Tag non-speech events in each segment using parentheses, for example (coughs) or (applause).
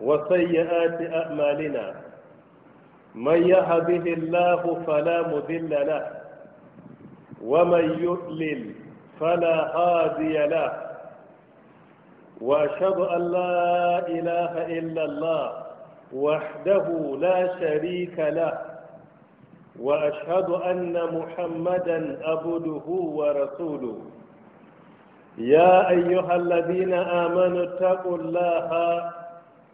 وسيئات أعمالنا من يهده الله فلا مذل له ومن يؤلل فلا هادي له وأشهد أن لا إله إلا الله وحده لا شريك له وأشهد أن محمدا عبده ورسوله يا أيها الذين آمنوا اتقوا الله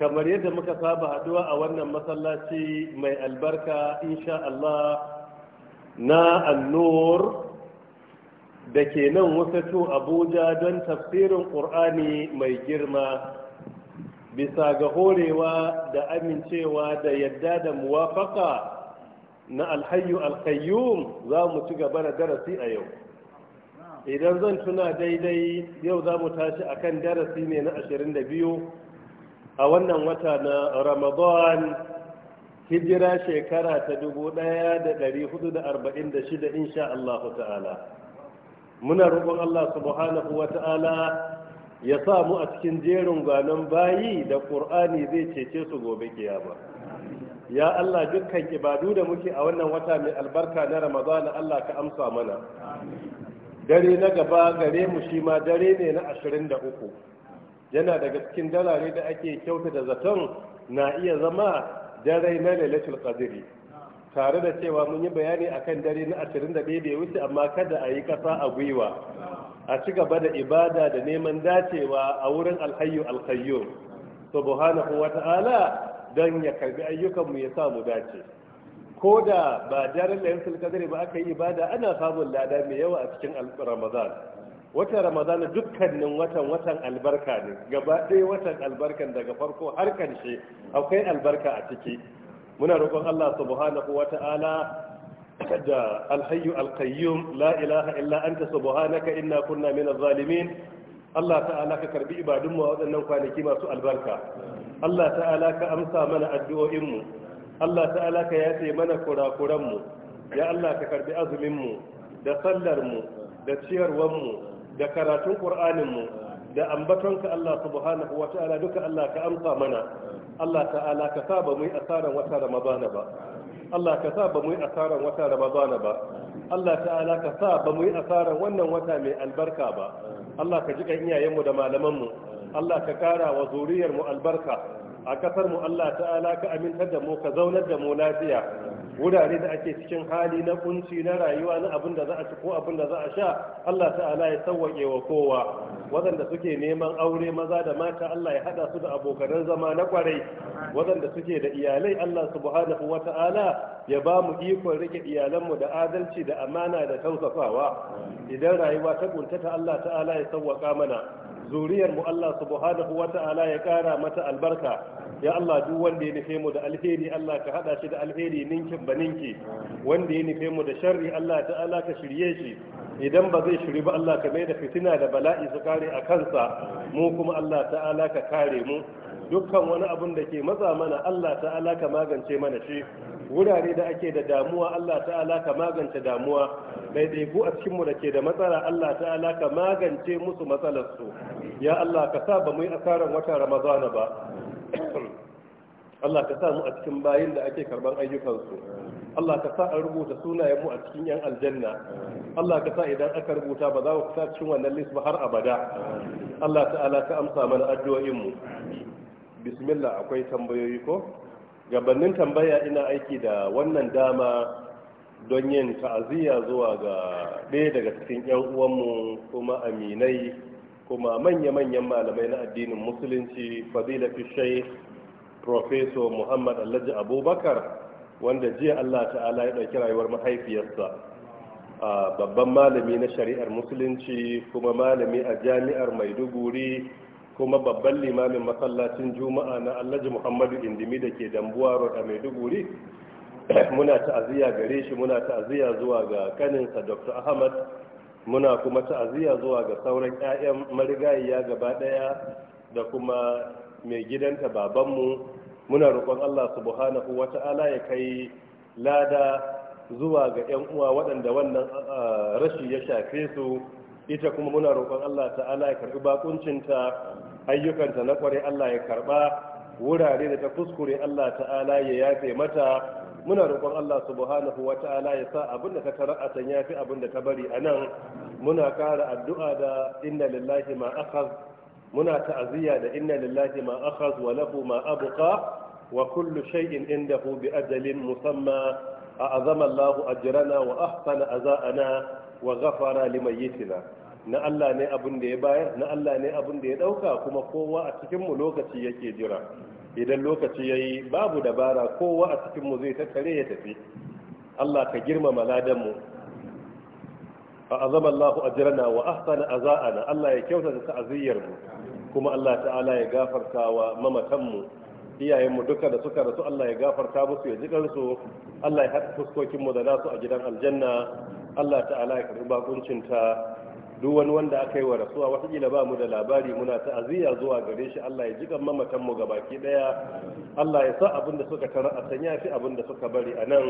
kamar yadda muka saba haduwa a wannan masallaci mai albarka insha Allah na annur da ke nan wasu abuja don tafsirin ƙur'ani mai girma bisa ga horewa da amincewa da yadda da muwafaka na alhayu alkayyum za mu ci gaba da darasi a yau idan zan tuna daidai yau za mu tashi akan darasi ne na biyu. a wannan wata na ramadan hijira shekara ta 1446 insha Allah ta'ala muna roƙon Allah subhanahu wa ta'ala ya sa mu a cikin jerin gwanon bayi da ƙur'ani zai cece su gobe kiyama ya Allah dukkan ibadu da muke a wannan wata mai albarka na ramadan Allah ka amsa mana dare na gaba gare mu shi ma dare ne na 23 yana daga cikin dalare da ake kyauta da zaton na iya zama dare na lailatul qadri tare da cewa mun yi bayani akan dare na 21 da ya wuce amma kada a yi kasa a gwiwa a ci gaba da ibada da neman dacewa a wurin alhayyu alqayyum subhanahu wata'ala dan ya karbi ayyukan mu ya sa mu dace ko da ba daren lailatul qadri ba aka yi ibada ana samun lada mai yawa a cikin ramadan watan ramadana dukkanin watan watan albarka ne gaba ɗaya watan albarkan daga farko har ƙarshe akwai albarka a ciki muna roƙon Allah subhanahu Ta'ala da alhayyu alkayyum la ilaha illa anta subhanaka inna kunna minaz zalimin Allah ta'ala ka karbi ibadun a waɗannan kwanaki masu albarka Allah ta'ala ka amsa mana addu'o'inmu. Allah ta'ala ka yace mana kurakuran mu ya Allah ka karbi azumin mu da sallar mu da ciyarwar mu da karatun mu da ambatonka Allah subhanahu wa ta'ala duka Allah ka amsa mana Allah ta'ala ka sa ba mu yi asaran wata ramadana ba Allah ka sa ba mu yi asaran wata ramadana ba Allah ta'ala ka sa ba mu yi asaran wannan wata mai albarka ba Allah ka jika iyayen iyayenmu da malamanmu Allah ka kara wa zuriyarmu albarka a kasar mu Allah ta'ala ka aminta da mu ka zaunar da mu lafiya wurare da ake cikin hali na kunci na rayuwa na abin da za a ci ko abin da za a sha Allah ta'ala ya sawwake wa kowa Wadanda suke neman aure maza da mata Allah ya hada su da abokanan zama na kwarai Wadanda suke da iyalai Allah subhanahu wata'ala ya ba mu ikon rike iyalan mu da adalci da amana da tausafawa idan rayuwa ta kuntata Allah ta'ala ya sawwaka mana zuriyar mu Allah subhanahu wata'ala ya kara mata albarka ya Allah duk wanda ya nufe mu da alheri Allah ka hada shi da alheri ninkin ba ninki wanda ya nufe mu da sharri Allah ta'ala ka shirye shi idan ba zai shiri ba Allah ka mai da fitina da bala'i su kare a kansa mu kuma Allah ta'ala ka kare mu dukkan wani abun da ke matsa mana Allah ta'ala ka magance mana shi wurare da ake da damuwa Allah ta'ala ka magance damuwa ɗaiɗaiku a cikinmu da ke da matsala Allah ta'ala ka magance musu matsalarsu ya Allah ka sa ba mu yi asarar wata ramadana ba Allah ka sa mu a cikin bayin da ake karban ayyukansu Allah ka sa an rubuta sunayen mu a cikin yan aljanna Allah ka sa idan aka rubuta ba za ku sa cikin wannan list ba har abada Allah ta'ala ka amsa mana addu'o'in mu bismillah akwai tambayoyi ko gabanin tambaya ina aiki da wannan dama don yin ta'aziyya zuwa ga ɗaya daga cikin 'yan uwanmu kuma aminai kuma manya-manyan malamai na addinin musulunci fadilatu shaikh professor muhammad alhaji abubakar wanda jiya allah ta'ala ya ɗauki rayuwar mahaifiyarsa a babban malami na shari'ar musulunci kuma malami a jami'ar maiduguri kuma babban limamin masallacin juma'a na alhaji muhammadu indimi da ke dambuwa roda a maiduguri (coughs) muna ta'aziyya gare shi muna ta'aziyya zuwa ga kaninsa dr ahmad muna kuma ta'aziyya zuwa ga sauran 'ya'yan marigayiya gaba daya da kuma mai gidanta babanmu muna roƙon allah subhanahu ta'ala ya kai lada zuwa ga 'yan uwa waɗanda wannan ah, rashi ya shafe su ita kuma muna roƙon Allah ta'ala ya karɓi bakuncinta ayyukanta na kware Allah ya karɓa wurare da ta kuskure Allah ta'ala ya yafe mata muna roƙon Allah subhanahu wa ta'ala ya sa abin da ta tara a can yafi abin da ta bari a nan muna ƙara addu'a da inna lillahi ma muna ta'aziyya da inna lillahi ma akhaz wa lahu ma abqa wa kullu shay'in indahu bi ajalin musamma a azama a ajrana wa ahsana aza'ana wa ghafara limayyitina na Allah ne abin da ya bayar na Allah ne abin da ya dauka kuma kowa a cikin mu lokaci yake jira idan lokaci yayi babu dabara kowa a cikin mu zai tattare ya tafi Allah ka girmama ladan mu fa azama Allah ajrana wa ahsana azaana Allah ya kyautata ta'aziyyar mu kuma Allah ta'ala ya gafarta wa mamatan mu iyayen mu duka da suka rasu Allah ya gafarta musu ya ji kansu Allah ya haɗa fuskokin mu da nasu a gidan aljanna Allah ta'ala ya karɓi bakuncin ta duk wani wanda aka yi wa rasuwa watakila ba mu da labari muna ta'aziyya zuwa gare shi Allah ya jikan mamatan mu gabaki daya Allah ya sa abin da suka tara a sanya fi abin da suka bari a nan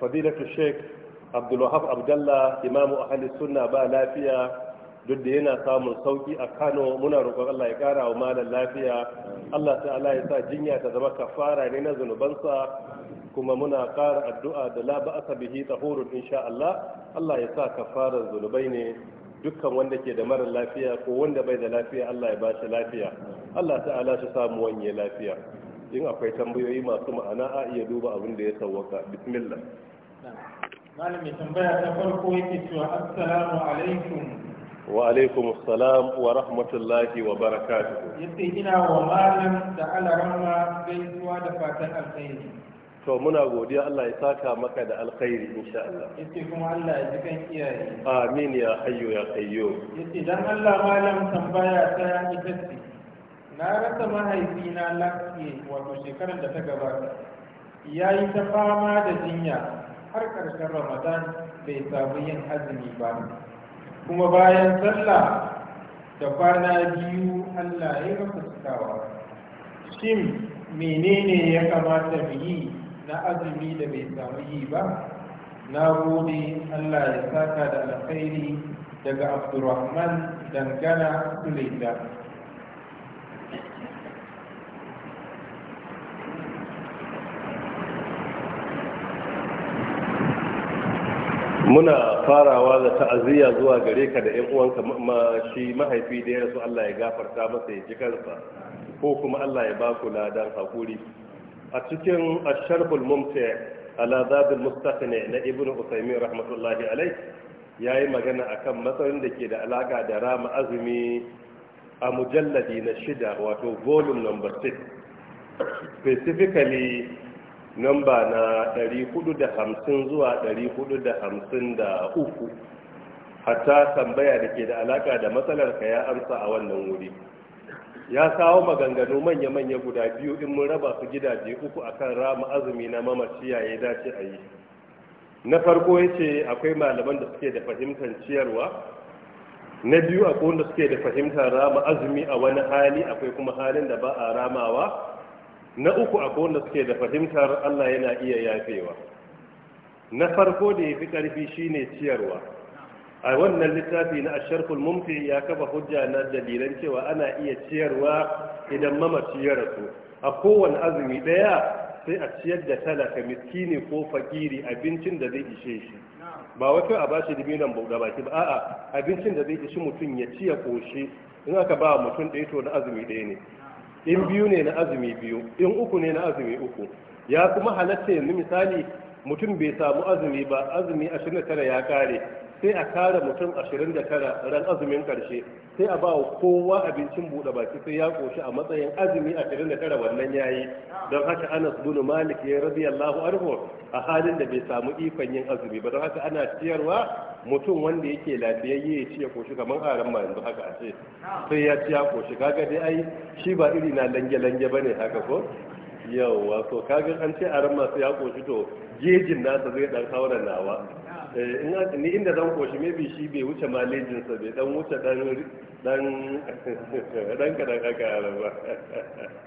fadilatu sheikh abdulwahab abdallah imamu ahli sunna ba lafiya duk da yana samun sauki a Kano muna roƙon Allah ya ƙara wa malam lafiya Allah ta'ala ya sa jinya ta zama kafara ne na zunubansa kuma muna ƙara addu'a da la ba'asa bihi tahurun insha Allah Allah ya sa kafaran zunubai ne dukkan wanda ke da mara lafiya ko wanda bai da lafiya Allah ya ba shi lafiya Allah ta'ala shi samu wanye lafiya in akwai tambayoyi masu ma'ana a iya duba abin da ya sauwaka bismillah malam tambaya ta farko yake cewa assalamu alaikum wa alaikum assalam wa rahmatullahi wa barakatuh yace ina wa malam da alarama gaisuwa da fatan alkhairi to muna godiya Allah ya saka maka da alkhairi insha Allah yace kuma Allah ya ji kan iyaye amin ya hayyu ya qayyum yace Allah malam tambaya ta ita ce na rasa mahaifina lafiye wato shekarar da ta gabata ya yi ta fama da jinya har ramadan bai samu yin azumi ba kuma bayan sallah da kwana biyu Allah ya ga shin menene ya kamata mu yi na azumi da bai samu yi ba na gode Allah ya saka da alkhairi daga Abdurrahman dangana Sulaida muna farawa da ta'aziyya zuwa gare ka da 'yan uwanka shi mahaifi da ya rasu Allah ya gafarta masa ya ji kansa ko kuma Allah ya baku ladan hakuri a cikin asharhul mumti ala zabil mustaqni na ibnu usaymin rahmatullahi alayh yayi magana akan matsayin da ke da alaka da rama azumi a mujalladi na shida wato volume number 6 specifically namba na 450 zuwa 453 hatta tambaya da ke da alaka da matsalar ka ya amsa a wannan wuri ya kawo maganganu manya-manya guda biyu in mun raba su gidaje uku akan rama azumi na mamaci ya dace a yi na farko ya ce akwai malaman da suke da fahimtar ciyarwa na biyu akwai wanda suke da fahimtar rama azumi a wani hali akwai kuma halin da ba a ramawa na uku akwai wanda suke da fahimtar Allah yana iya yafewa na farko da ya fi ƙarfi shine ciyarwa a wannan littafi na asharkul mumfi ya kafa hujja na dalilan cewa ana iya ciyarwa idan mamaci ya rasu a kowane azumi ɗaya sai a ciyar da talaka miskini ko fakiri abincin da zai ishe shi ba wato a bashi diminan bauda baki ba a'a abincin da zai ishi mutum ya ci ya koshi in aka ba mutum ɗaya to na azumi ɗaya ne in biyu ne na azumi biyu in uku ne na azumi uku ya kuma halatta yanzu misali mutum bai samu azumi ba azumi ashirin da tara ya kare sai a kare mutum 29 ran azumin karshe sai a ba wa kowa abincin buɗe baki sai ya koshi a matsayin azumi ashirin da tara wannan yayi don haka Anas bin Malik ya radiyallahu anhu a halin da bai samu ikon yin azumi ba don haka ana ciyarwa mutum wanda yake lafiyayye ya ci ya koshi kamar aran ma yanzu haka a ce sai ya ci ya koshi kaga dai ai shi ba iri na lange-lange bane haka ko yawwa to kaga an ce aran masu ya koshi to gejin nasa zai dan haura nawa Eh, ni inda zan koshi maybe shi bai wuce malejinsa bai dan wuce dan dan (laughs) dan kadan aka ba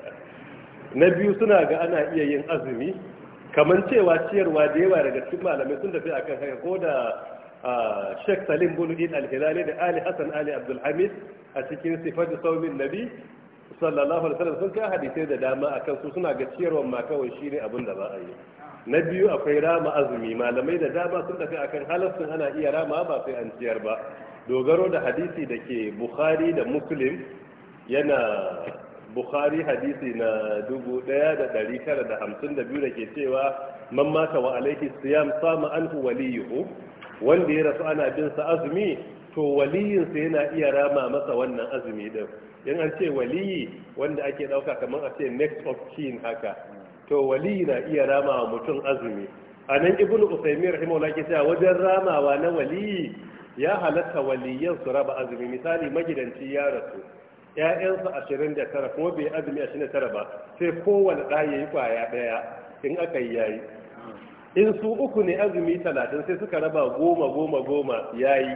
(laughs) na biyu suna ga ana iya yin azumi kamar cewa ciyarwa da yawa daga cikin malamai sun tafi akan haka ko da Sheikh Salim Buludin Al-Hilali da Ali Hassan Ali Abdul Hamid a cikin sifatu saumin Nabi sallallahu alaihi wasallam sun ka hadisi da dama akan su suna ga ciyarwa ma kawai shine abin da za a yi na biyu akwai rama azumi malamai da dama sun tafi akan halassun ana iya rama ba sai an ciyar ba dogaro da hadisi da ke bukhari da muslim yana bukhari hadisi na 1952 da ke cewa man mata wa alaihi siyam sama anhu waliyuhu wanda ya rasu ana bin sa azumi to waliyinsa yana iya rama masa wannan azumi din in an ce waliyi wanda ake dauka kamar a ce next of kin haka to wali na iya rama wa mutum azumi a nan Ibn usaimin rahimahu ke cewa wajen ramawa na wali ya halatta waliyan su raba azumi misali magidanci ya rasu ƴaƴansa ashirin da tara kuma bai azumi ashirin da tara ba sai kowane ɗa ya yi ƙwaya ɗaya in aka yi yayi in su uku ne azumi talatin sai suka raba goma goma goma yayi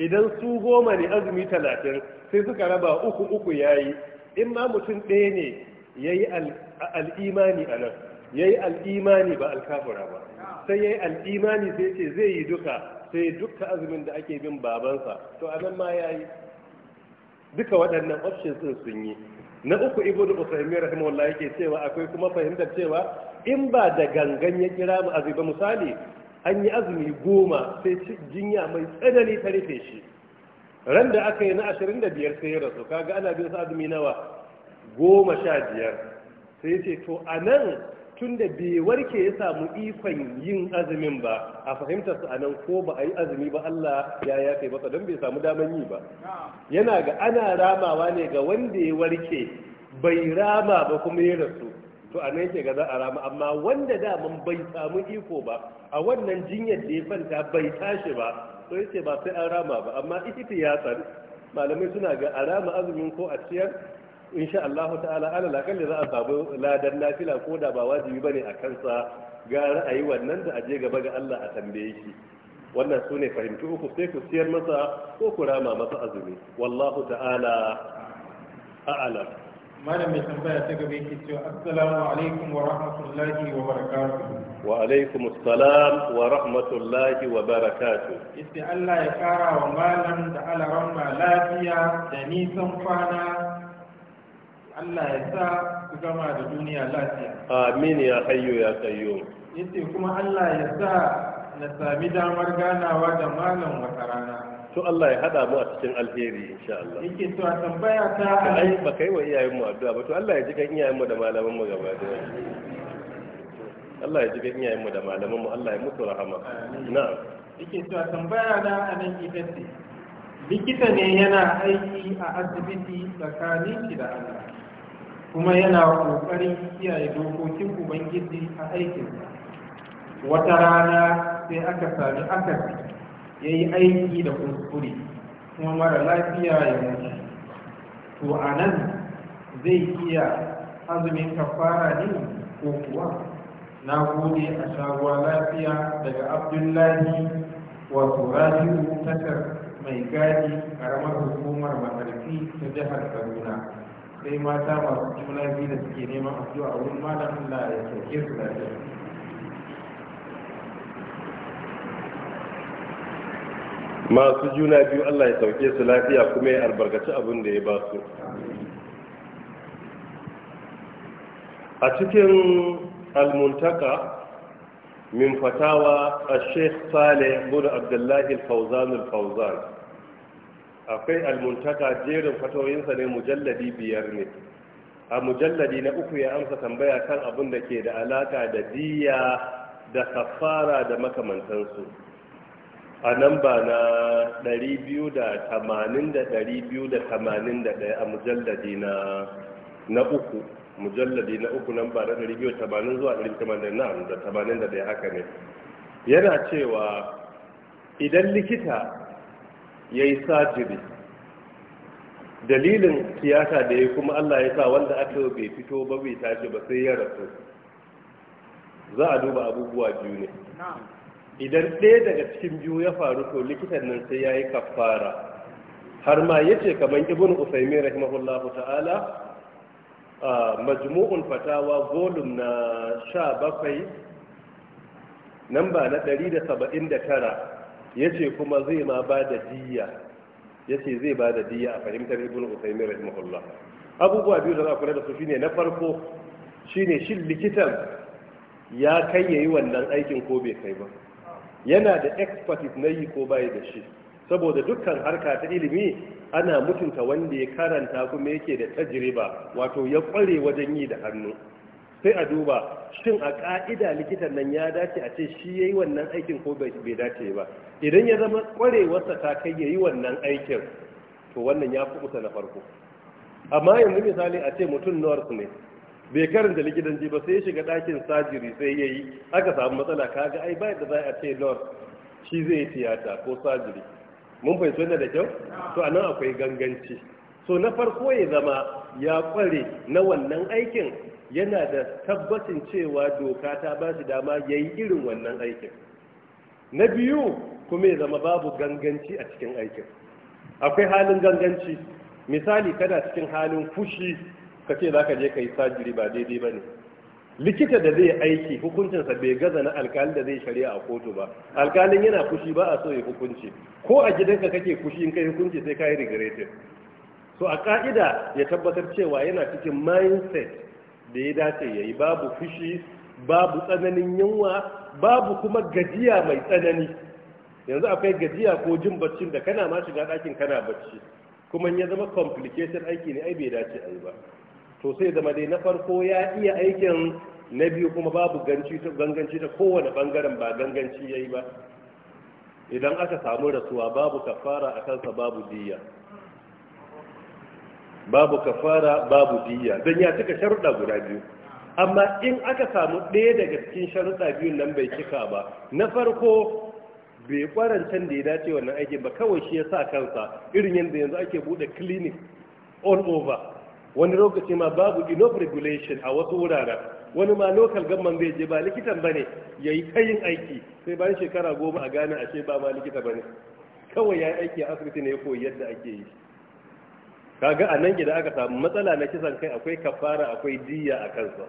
idan su goma ne azumi talatin sai suka raba uku uku yayi in ma mutum ɗaya ne yayi al-imani anan yayi al-imani ba al ba sai yayi al-imani sai ce zai yi duka sai duka azumin da ake bin babansa to a nan ma yayi duka waɗannan options din sun yi na uku ibnu usaymin rahimahullah yake cewa akwai kuma fahimtar cewa in ba da gangan ya kira mu azumi misali an yi azumi goma sai jinya mai tsanani ta rufe shi ran da aka yi na 25 sai ya rasu kaga ana bin sa azumi nawa goma sha biyar sai ce to a nan tun da bai warke ya samu ikon yin azumin ba a fahimtar su a nan ko ba a yi azumi ba Allah ya yafe ba don bai samu damar yi ba yana ga ana ramawa ne ga wanda ya warke bai rama ba kuma ya rasu to a nan yake ga za a rama amma wanda daman bai samu iko ba a wannan jinyar da ya fanta bai tashi ba to ce ba sai an rama ba amma ikiti ya tsari malamai suna ga a rama azumin ko a ciyar insha Allah ta'ala ala lakalli za a samu ladan nafila ko da ba wajibi bane a kansa ga ra'ayi wannan da aje gaba ga Allah a tambaye shi wannan su ne fahimci uku sai ku siyar masa ko ku rama masa azumi wallahu ta'ala a'lam malam mai tambaya ta gaba yake cewa assalamu alaikum wa rahmatullahi wa barakatuh wa alaikum assalam wa rahmatullahi wa barakatu yace Allah ya kara wa malam da alaran lafiya da nisan kwana Allah ya sa ku gama da duniya lafiya amin ya hayyo ya kayyo yace kuma Allah ya sa na sami damar ganawa da malam wata rana to Allah ya hada mu a cikin alheri insha Allah yake to a tambaya ta ai ba kai wa iyayen mu addu'a ba to Allah ya ji kan iyayen mu da malaman mu gaba da Allah ya ji kan iyayen mu da malaman mu Allah ya mutu rahama na'am yake to a tambaya na anan ita ce likita ne yana aiki a asibiti tsakanin shi da Allah kuma yana ƙoƙarin kiyaye dokokin ubangiji a aikinsa wata rana sai aka sami akasi ya yi aiki da kuskure kuma mara lafiya ya mutu to a nan zai iya azumin kafara ne ko kuwa na gode a shagowa lafiya daga abdullahi wato rajiyu tashar mai gadi karamar hukumar makarfi ta jihar kaduna sai mata masu juna biyu da suke neman addu'a a wurin malam Allah ya sauke su lafiya masu juna biyu Allah ya sauke su lafiya kuma ya albarkaci abin da ya ba su a cikin almuntaka min fatawa a sheikh saleh bude abdullahi al-fawzan al-fawzan akwai almuntaka jerin fatoyinsa ne mujalladi biyar ne a mujalladi na uku ya amsa tambaya kan abin da ke da alaka da diya da kafara da makamantansu a nan ba na 280 da 281 a mujalladi na na uku mujalladi na uku nan ba na 280 zuwa 281 haka ne yana cewa idan likita ya yi sajiri dalilin tiyata da ya kuma allah ya sa wanda aka bai fito ba bai tashi ba sai ya rasu za a duba abubuwa biyu ne idan ɗaya daga cikin biyu ya faru to likitan nan sai ya yi kafara har ma ya ce kamar ibn usaimin rahimahullahu ta'ala a majmu'un fatawa volum na sha bakwai namba na tara. yace kuma zai ma ba da diya yace zai ba da diya a fahimtar ibn usaymin rahimahullah abubuwa biyu da za kula da su shine na farko shine shin likitan ya kai yayi wannan aikin ko bai kai ba yana da expertise na yi ko bai da shi saboda dukkan harka ta ilimi ana mutunta wanda ya karanta kuma yake da tajriba wato ya kware wajen yi da hannu sai a duba shin a ka'ida likitan nan ya dace a ce shi ya yi wannan aikin ko bai dace ba idan ya zama kwarewarsa ta kai ya yi wannan aikin to wannan ya fi kusa na farko amma yanzu misali a ce mutum North ne bai karanta likitanci ba sai ya shiga ɗakin sajiri sai ya yi aka samu matsala ka ga ai ba da za a ce North. shi zai yi tiyata ko sajiri mun fahimci wannan da kyau to a nan akwai ganganci so na farko ya zama ya kware na wannan aikin yana da tabbacin cewa doka ta ba shi dama ya yi irin wannan aikin na biyu kuma ya zama babu ganganci a cikin aikin akwai halin ganganci misali kana cikin halin fushi ka ce za ka je ka yi sajiri ba daidai ba ne likita da zai aiki hukuncinsa bai gaza na alkalin da zai shari'a a kotu ba alkalin yana fushi ba a so ya hukunci ko a gidanka kake fushi in kai hukunci sai ka yi regretin To a ƙa'ida ya tabbatar cewa yana cikin mindset da ya dace ya yi babu fushi babu tsananin yunwa babu kuma gajiya mai tsanani yanzu akwai gajiya ko jin baccin da kana ma shiga ɗakin kana bacci kuma ya zama complicated aiki ne ai bai dace a yi ba to sai zama dai na farko ya iya aikin na biyu kuma babu ganganci ta kowane bangaren ba ganganci ya yi ba idan aka samu rasuwa babu kafara a kansa babu diya babu kafara babu diya don ya cika sharuɗa guda biyu amma in aka samu ɗaya daga cikin sharuɗa biyun nan bai kika ba na farko bai kwarancan da ya dace wannan aikin ba kawai shi ya sa kansa irin yadda yanzu ake buɗe clinic all over wani lokaci ma babu enough regulation a wasu wurare wani ma local government bai je ba likitan bane ya yi kayin aiki sai bayan shekara goma a gane ashe ba ma likita bane kawai ya yi aiki a asibiti ne ya koyi yadda ake yi kaga a nan gida aka samu matsala na kisan kai akwai kafara akwai diya a kansa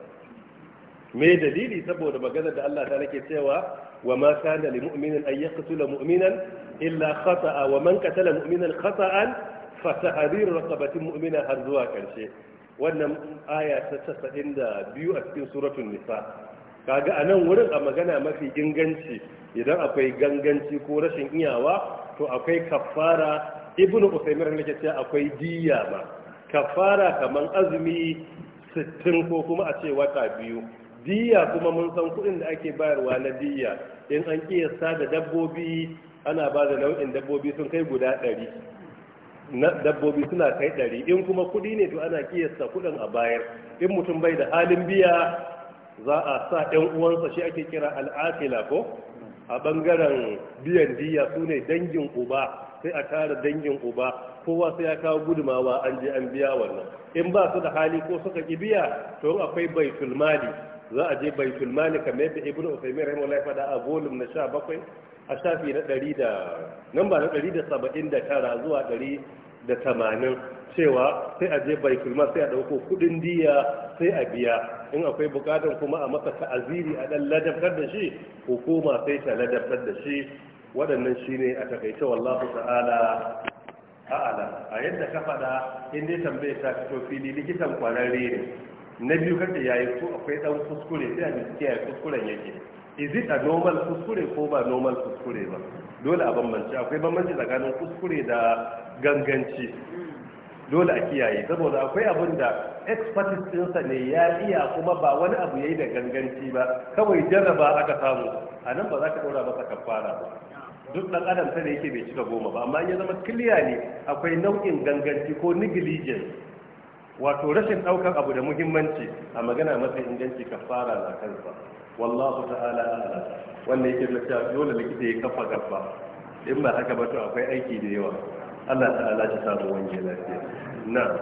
me dalili saboda maganar da Allah ta nake cewa wa ma kana lil mu'minin an yaqtula mu'minan illa khata'a wa man qatala mu'minan khata'an fa tahrir raqabati mu'mina har zuwa karshe wannan aya ta 72 a cikin suratul nisa kaga a nan wurin a magana mafi inganci idan akwai ganganci ko rashin iyawa to akwai kafara ibn ne ke cewa akwai diya ma kafara kaman azumi 60 ko kuma a ce wata biyu diya kuma mun san kuɗin da ake bayarwa na diya in an kiyasta da dabbobi ana ba da nau'in dabbobi sun kai guda ɗari dabbobi suna kai ɗari in kuma kuɗi ne to ana kiyasta kuɗin a bayar in mutum bai da halin biya za a sa ɗan uwansa shi ake kira al'akila ko a ɓangaren biyan diya su ne dangin uba sai a tara dangin uba kowa sai ya kawo gudumawa an je an biya wannan in ba su da hali ko suka ki biya to akwai baitul mali za a je baitul mali kamar yadda ibnu usaymin rahimahullah fada a volume na 17 a shafi na 100 da namba na 179 zuwa 180 cewa sai a je baitul mali sai a dauko kudin diya sai a biya in akwai bukatun kuma a masa ta'aziri a dan ladabtar da shi hukuma sai ta ladabtar da shi waɗannan shi ne a takaice wallahu ta'ala a'ala a yadda ka faɗa in dai tambaye ta fito fili likitan kwararre ne na biyu ya yayi ko akwai dan kuskure sai a bincike ya kuskuren yake is it a normal kuskure ko ba normal kuskure ba dole a bambanci akwai bambanci tsakanin kuskure da ganganci dole a kiyaye saboda akwai abin da expertise ɗinsa ne ya iya kuma ba wani abu ya yi da ganganci ba kawai jarraba aka samu a nan ba za ka ɗora masa kafara ba duk dan adam sai yake bai cika goma ba amma ya zama kiliya ne akwai nau'in ganganci ko negligence wato rashin daukar abu da muhimmanci a magana mafi inganci kafara da kansa wallahu ta'ala ala wannan yake da cewa dole likita ya kafa gaba in ba haka ba to akwai aiki da yawa Allah ta'ala ya samu wange lafiya na'am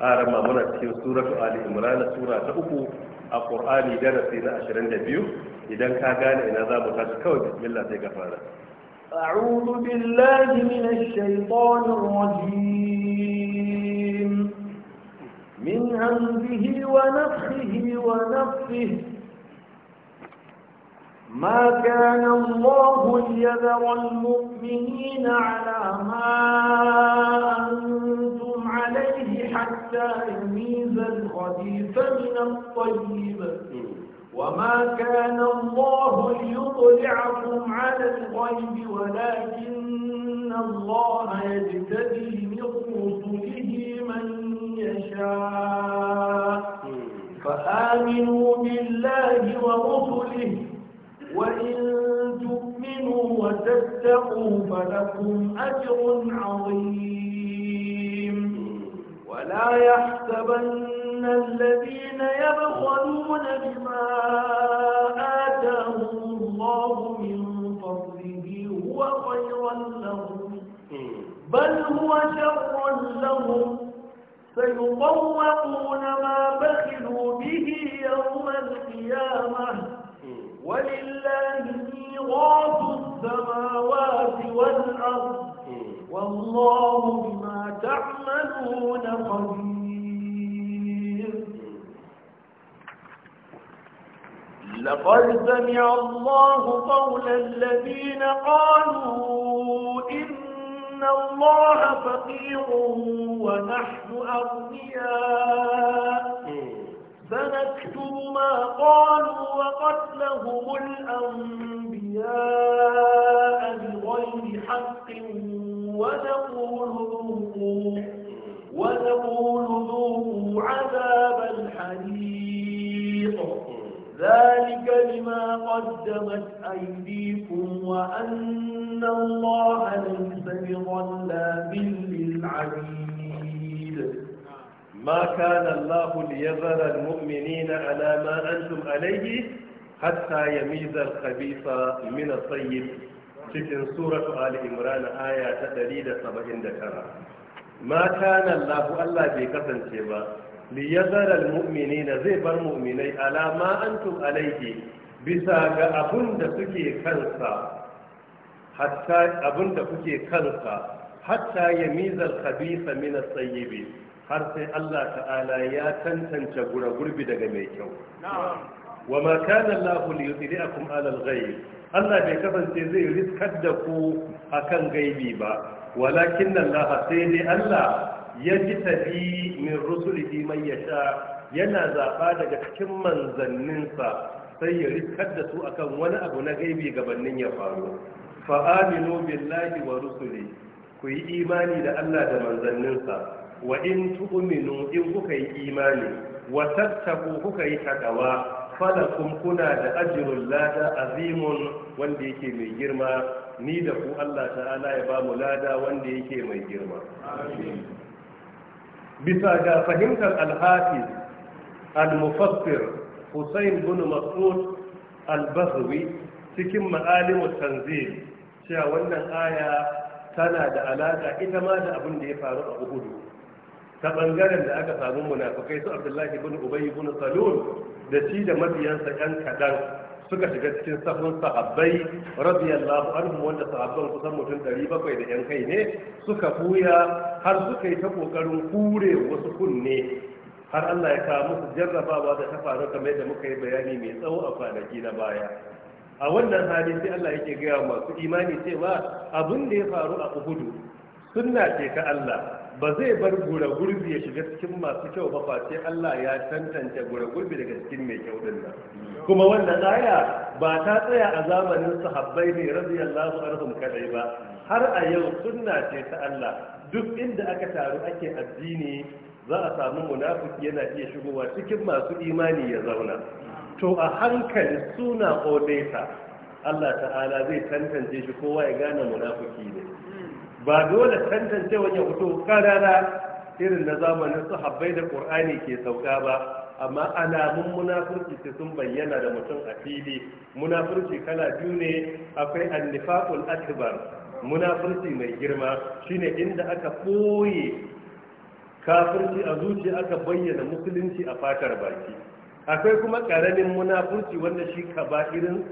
ƙara mamuna cikin suratu ali imran sura ta uku a ƙur'ani darasi na 22 idan ka gane ina za mu tashi kawai bismillah sai ka fara أعوذ بالله من الشيطان الرجيم من همزه ونفخه ونفخه ما كان الله ليذر المؤمنين على ما أنتم عليه حتى يميز الخبيث من الطيب وما كان الله ليطلعكم على الغيب ولكن الله يجتدي من رسله من يشاء فآمنوا بالله ورسله وإن تؤمنوا وتتقوا فلكم أجر عظيم يحسبن الذين يبخلون بما آتاهم الله من فضله هو خيرا لهم بل هو شر لهم فيطوقون ما بخلوا به يوم القيامة ولله ميراث السماوات والأرض والله بما تعملون خبير لقد سمع الله قول الذين قالوا إن الله فقير ونحن أغنياء فنكتب ما قالوا وقتلهم الأنبياء بغير حق ونقول ذوقوا عذاب الحريق ذلك بما قدمت أيديكم وأن الله ليس بظلام للعبيد ما كان الله ليذر المؤمنين على ما أنتم عليه حتى يميز الخبيث من الطيب cikin suratu ali imran aya ta 179 ma kana allah allah bai kasance ba li yazara almu'minina zai bar mu'minai ala ma antum alayhi bisa ga abun da suke kansa hatta abun da kuke kansa hatta yamizal khabisa min at har sai allah ta'ala ya tantance gura gurbi daga mai kyau wa ma kana Allahu li ala al-ghayb Allah bai kasance zai riskar da ku akan gaibi ba walakin Allah sai dai Allah ya ji tabi min rusulihi man yasha yana zaba daga cikin manzanninsa sai ya riskar da su akan wani abu na gaibi gabanin ya faru fa aminu billahi wa rusuli ku yi imani da Allah da manzanninsa wa in tu'minu in kuka yi imani wa tattaku kuka yi takawa falakum kuna da ajirun lada azimun wanda yake mai girma ni da ku Allah ta'ala ya ba mu lada wanda yake mai girma bisa ga fahimtar alhafi, hafiz al-mufassir Hussein bin Mas'ud al cikin ma'alimu tanzil cewa wannan aya tana da alaka ita ma da abin da ya faru a Uhud ta bangaren da aka samu munafikai su abdullahi bin ubayy bin salul da shi da mabiyansa yan kadan suka shiga cikin safin sahabbai radiyallahu anhum wanda sahabban kusan mutum ɗari 700 da yan kai ne suka buya har suka yi ta kokarin kure wasu kunne har Allah ya kawo musu jarrabawa da ta faru kamar da muka yi bayani mai tsawo a kwanaki na baya a wannan hali sai Allah yake gaya masu imani cewa abin da ya faru a Uhudu sunna ce ka Allah ba zai bar gura gurbi ya shiga cikin masu kyau ba face Allah ya tantance gura gurbi daga cikin mai kyau din nan kuma wannan aya ba ta tsaya a zamanin sahabbai ne radiyallahu anhum kadai ba har a yau sunna ce ta Allah duk inda aka taru ake addini za a samu munafiki yana iya shigowa cikin masu imani ya zauna to a hankali suna odeta Allah ta'ala zai tantance shi kowa ya gane munafiki ne ba dole tantance wani hoto karara irin na zamanin su habbai da ƙur'ani ke sauka ba amma alamun munafurci ce sun bayyana da mutum a fili munafurci kala biyu ne akwai annifaqul akbar munafurci mai girma shine inda aka koye kafirci a zuciya aka bayyana musulunci a fatar baki akwai kuma ƙaramin munafurci wanda shi kaba'irin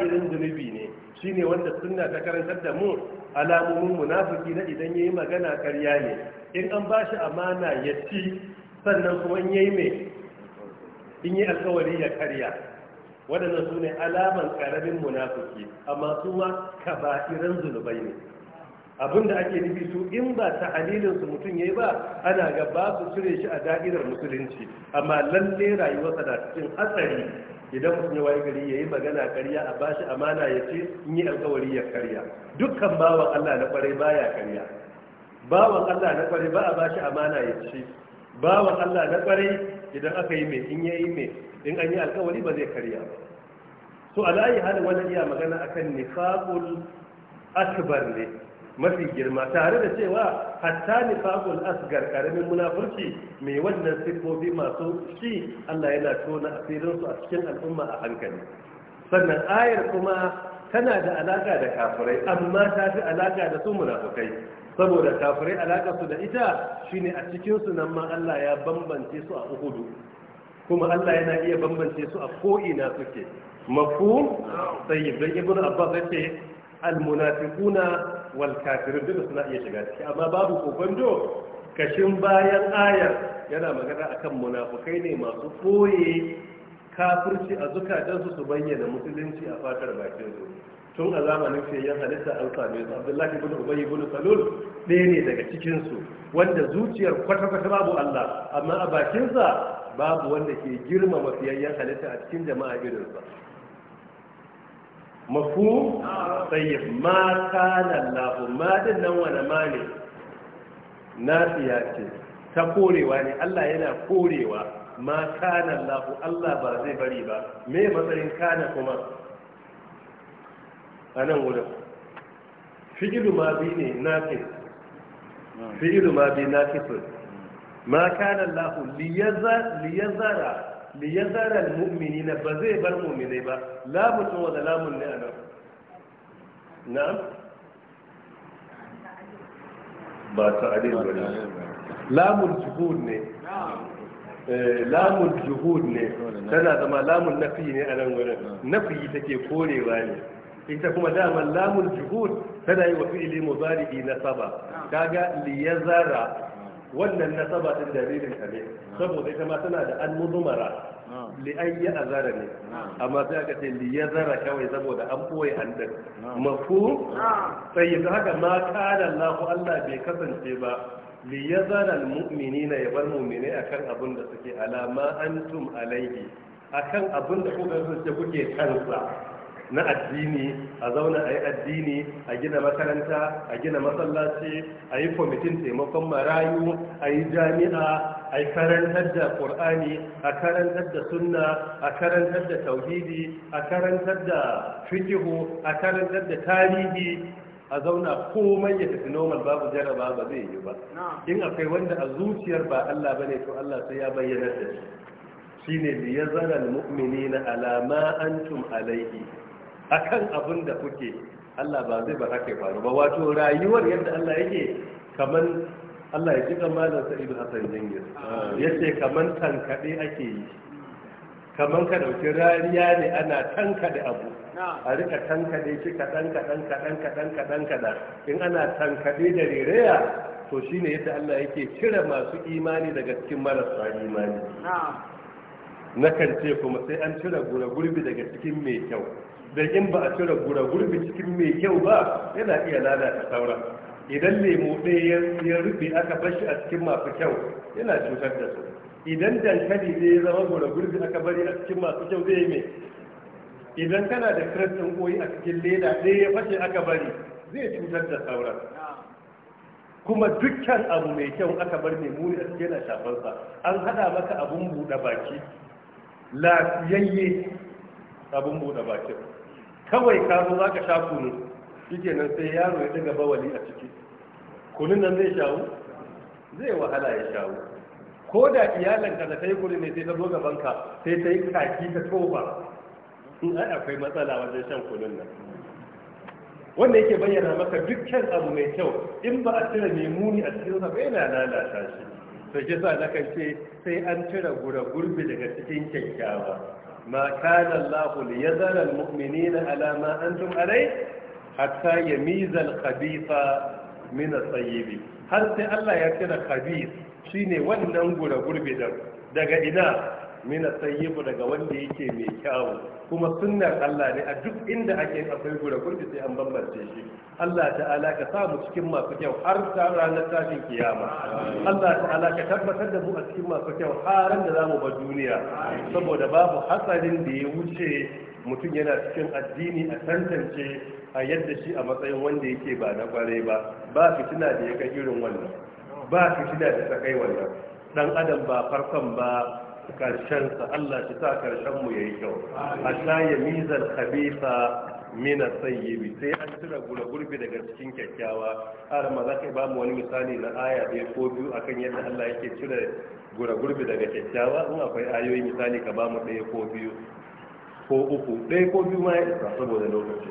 irin zunubi ne shine wanda sunna ta karantar da mu alamomin munafiki na idan yayi magana ƙarya ne in an ba shi amana ya ci sannan kuma in yayi mai, in yi alkawari ya karya waɗannan sune alaman ƙaramin munafiki amma su ma kaba'irin zunubai ne Abin da ake nufi su in ba ta halilin su mutum yi ba ana ga ba su cire shi a da'irar musulunci amma lalle rayuwarsa na cikin hatsari idan mutum ya wayi gari yayi magana karya a bashi amana ya ce in yi alkawari ya karya dukkan bawan Allah na kwarai baya karya bawan Allah na kwarai ba a bashi amana ya ce bawan Allah na kwarai idan aka yi mai in yayi mai in an yi alkawari ba zai karya ba to alayi hal wani iya magana akan nifaqul akbar ne mafi girma tare da cewa hatta nifaqul asgar karamin munafurci mai wannan siffofi masu shi Allah yana tona asirinsu su a cikin al'umma a hankali sannan ayar kuma tana da alaka da kafirai amma ta fi alaka da su munafukai saboda kafirai alaka su da ita shine a cikin su nan ma Allah ya bambance su a uhudu kuma Allah yana iya bambance su a ko'ina suke mafhum tayyib dan ibnu abbas yace al munafiquna wal kafirun duka suna iya shiga ciki amma babu kokonjo kashin bayan ayar yana magana akan munafukai ne masu koye kafirci a zukatansu su bayyana musulunci a fatar bakin su tun a zamanin fiyayyen halitta an same su abdullahi ibn ubayy ibn salul ɗaya daga cikin su wanda zuciyar kwata-kwata babu Allah amma a bakinsa babu wanda ke girmama fiyayyen halitta a cikin jama'a irinsa mafu tsayyib ma kana lahu ma din nan wani ma ne nasiya ce ta korewa ne Allah yana korewa ma kana lahu Allah ba zai bari ba me matsayin kana kuma a nan wurin fi'ilu ma bi ne nafis fi'ilu ma bi nafisun ma kana lahu liyazara li yazara mu'minina ba zai bar mu'minai ba labutun wa zalamun ne anan na'am ba ta adil bane lamun juhud ne eh, lamun juhud ne tana zama lamun nafi ne a nan wurin nafi take korewa ne ita kuma dama lamun juhud tana yi wa fi'ili mudari'i na saba kaga li yazara wannan na saba din jaririn ka ne saboda ita ma tana da almuzumara li an yi azara ne amma sai aka ce li ya zara kawai saboda an boye an din mafu sai yanzu haka ma kana Allah Allah bai kasance ba li ya zara almu'minina ya bar mu'mini akan abin da suke alama antum alaihi akan abin da kuka kuke kansa na addini a zauna a yi addini a gina makaranta a gina masallaci a yi kwamitin taimakon marayu a yi jami'a a yi karantar da ƙur'ani a karantar da sunna a karantar da tauhidi a karantar da fikihu a karantar da tarihi a zauna komai ya tafi normal babu jaraba ba zai yi ba in akwai wanda a zuciyar ba Allah bane to Allah sai ya bayyana da shi shine liyazara almu'minina ala ma antum alayhi akan abin da kuke Allah ba zai ba kake faru ba wato rayuwar yadda Allah yake kaman Allah ya ji kamalin Sa'idu Hasan Jingir yace kaman tankade ake yi kaman ka dauki rariya ne ana tankade abu a rika tankade shi kadan kadan kadan kadan kadan kadan in ana tankade da rereya to shine yadda Allah yake cire masu imani daga cikin marasa imani na kan ce kuma sai an cire gura gurbi daga cikin mai kyau da in ba a cire gura gurbi cikin mai kyau ba yana iya lalata saura. idan lemu ɗaya ya rufe aka bashi a cikin masu kyau yana cutar da su idan dankali ne ya zama gura gurbi aka bari a cikin masu kyau zai mai idan kana da kiran koyi a cikin leda ɗaya ya fashe aka bari zai cutar da saura. kuma dukkan abu mai kyau aka bar mai muni a cikin yana sa an haɗa maka abun buɗe baki lafiyayye abun buɗe bakin kawai ka zo za ka sha kunu shike nan sai yaro ya daga bawali a ciki kunun nan zai shawo zai wahala ya shawo ko da iyalanka da ta yi ne sai ka zo gaban ka sai ta yi kaki ta toba in ai akwai matsala wajen shan kunun nan wanda yake bayyana maka dukkan abu mai kyau in ba a cire mai muni a cikin sa bai na lalata shi sai ke sa kan ce sai an cire gura gurbi daga cikin kyakkyawa ma kana Allah liyazal alama ala alai, antum alay hatta yamiza alkhabitha min atayyib har sai Allah ya tsira khabith shine wannan gura gurbe daga ina min atayyib daga wanda yake mai kyau kuma sunnar Allah ne a duk inda ake akwai gura gurbi sai an bambance shi Allah ta'ala ka samu cikin masu kyau har ta ranar tashin kiyama Allah ta'ala ka tabbatar da mu a cikin masu kyau har da zamu ba duniya saboda babu hatsarin da ya wuce mutum yana cikin addini a tantance a yadda shi a matsayin wanda yake ba na kware ba ba fitina da ya kai irin wannan ba fitina da ta kai wannan dan adam ba farkon ba karshensa Allah shi sa karshenmu ya yi kyau a sha ya mizar khabisa mina sayyibi sai an cire gura gurbi daga cikin kyakkyawa har ma za ka ba mu wani misali na aya ɗaya ko biyu akan yadda Allah yake cire gura gurbi daga kyakkyawa in akwai ayoyi misali ka ba mu ɗaya ko biyu ko uku ɗaya ko biyu ma ya isa saboda lokaci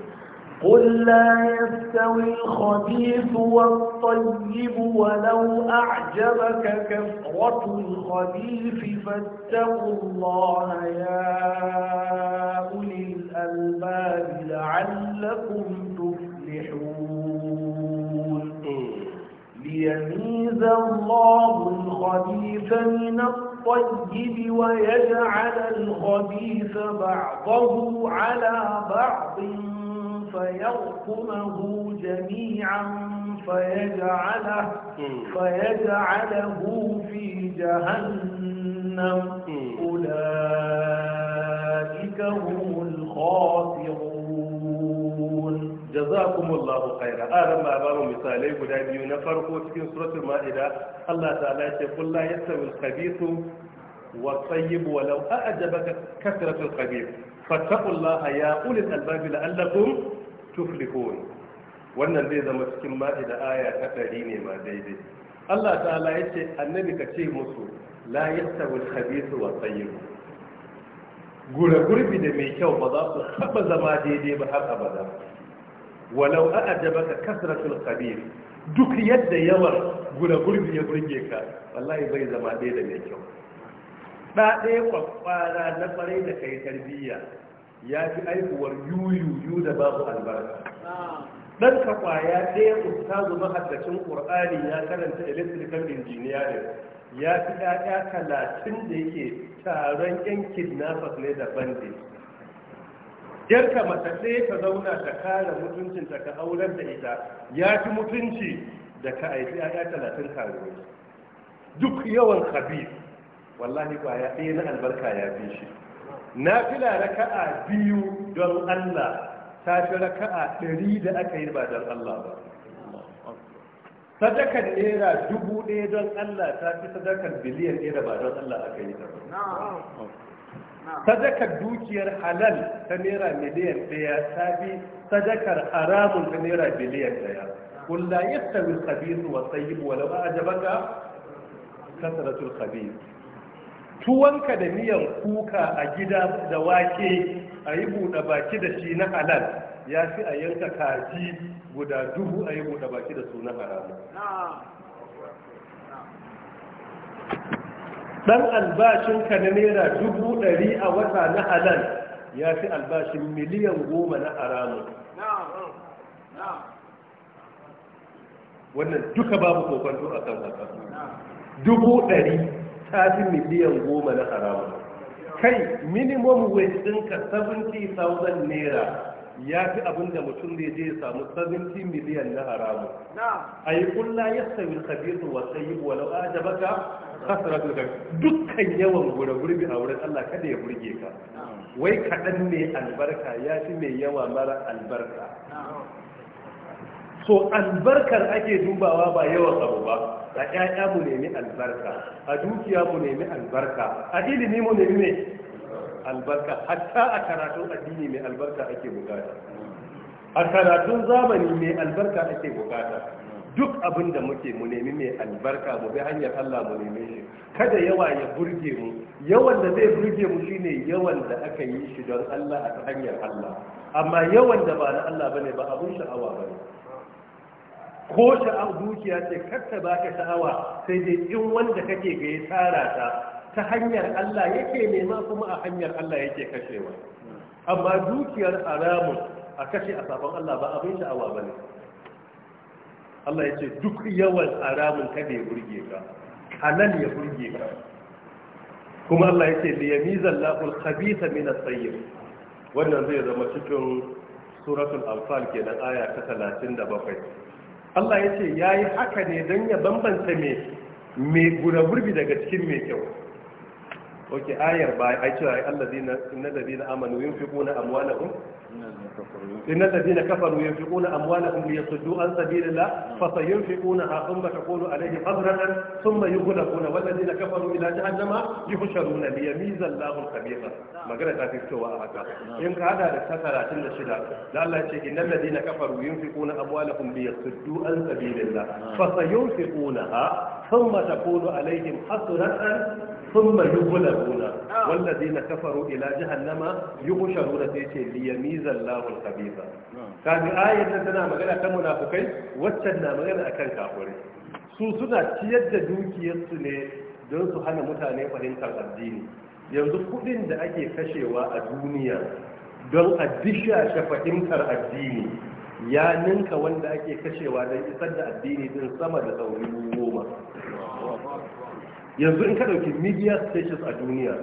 قل لا يستوي الخبيث والطيب ولو أعجبك كثرة الخبيث فاتقوا الله يا أولي الألباب لعلكم تفلحون ليميز الله الخبيث من الطيب ويجعل الخبيث بعضه على بعض فيرقمه جميعا فيجعله, فيجعله في جهنم أولئك هم الخاسرون جزاكم الله خيرا أرم بارو مثالي قدامي نفرقوا في سورة المائدة الله تعالى يقول لا يستوي الخبيث والطيب ولو أعجبك كثرة الخبيث فاتقوا الله يا أولي الألباب لعلكم tuflihun wannan zai zama cikin ma'ida aya ta ɗari ne ma daidai Allah ta'ala ya ce annabi ka ce musu la yastawil khabithu wa tayyib gura gurbi da mai kyau ba za su haɓa zama daidai ba har abada walau ka kasratul khabith duk yadda yawan gura gurbi ya burge ka wallahi bai zama daidai da mai kyau da ɗaya kwakwara na kwarai da kai tarbiyya ya fi aihuwar yuyuyu da babu albarka dan ka kwaya ɗaya ustazu mahaddacin ƙur'ani ya karanta electrical engineering ya fi ɗaya talatin da yake taron yan kidnappers ne da bandit yarka mata ɗaya ta zauna ta kare ta ka aurar da ita ya fi mutunci da ka aiki ya talatin karuwa duk yawan habib wallahi kwaya ɗaya na albarka ya fi shi Na nafila raka'a biyu don Allah ta fi raka'a ɗari da aka yi ba don Allah ba sadakar naira dubu ɗaya don Allah ta fi sadakar biliyan ɗaya da ba don Allah aka yi ta sadakar dukiyar halal ta naira miliyan ɗaya ta fi sadakar haramun ta naira biliyan ɗaya kulla yastawi al-khabith wa tayyib wa law a'jabaka kasratul khabith tuwanka da miyan kuka a gida da wake a yi buɗe baki da shi na halal ya fi a yanka kaji guda dubu a yi buɗe baki da su na haramu ɗan albashinka na naira dubu ɗari a wata na halal ya fi albashin miliyan goma na haramu wannan duka babu kokonto a kan haka dubu ɗari ta miliyan goma na haramu kai minimum wage ɗinka 70,000 naira ya fi abin da mutum zai je samu 70 miliyan na haramu a yi kulla ya sami kabiru wasu yi walau a da baka dukkan yawan gura gurbi a wurin allah kada ya burge ka wai kaɗan ne albarka ya fi mai yawa mara albarka so albarkar ake dubawa ba yawan abu ba a ƴaƴa mu nemi albarka a dukiya mu nemi albarka a ilimi mu nemi ne albarka hatta a karatun addini mai albarka ake bukata a karatun zamani mai albarka ake bukata duk abin da muke mu nemi mai albarka mu bi hanyar Allah mu neme shi kada yawa ya burge mu yawan da zai burge mu shine yawan da aka yi shi don Allah a hanyar Allah amma yawan da ba na Allah bane ba abun sha'awa bane ko sha'awar dukiya ce ba baka sha'awa sai dai in wanda kake ga ya tara ta ta hanyar Allah yake nema kuma a hanyar Allah yake kashewa amma dukiyar haramun a kashe a sabon Allah ba abin sha'awa ne. Allah ya ce duk yawan haramun kada ya burge ka a nan ya burge ka kuma Allah ya ce liyamizan laful khabitha min at-tayyib wannan zai zama cikin suratul anfal kenan aya ta 37 Allah ya ce ya yi haka ne don ya bambanta mai gura gurbi daga cikin mai kyau oke ayar ba ai cewa ai allazina innal ladina amanu yunfiquna amwalahum Inna ladina kafaru yunfiquna amwalahum liyasuddu an sabilillah fa sayunfiqunaha thumma taqulu alaihim azran thumma yughlaquna wal ladina kafaru ila jahannama yuhsharuna liyamiza Allahu al-khabitha magana ta fitowa a haka in ka hada da 36 da shida, Allah ya ce innal ladina kafaru yunfiquna amwalahum liyasuddu an sabilillah fa sayunfiqunaha thumma taqulu alaihim hasratan ثم يغلبون والذين كفروا إلى جهنم يغشرون تيتي ليميز الله الخبيث كان tana magana ta munafukai, منافقين واتنا magana akan كافرين su suna ciyar da dukiyarsu ne don su hana mutane fahimtar addini yanzu kudin da ake kashewa a duniya don a fahimtar addini ya ninka wanda ake kashewa don isar da addini din sama da saurin goma yanzu in ka ɗauki media stations a duniya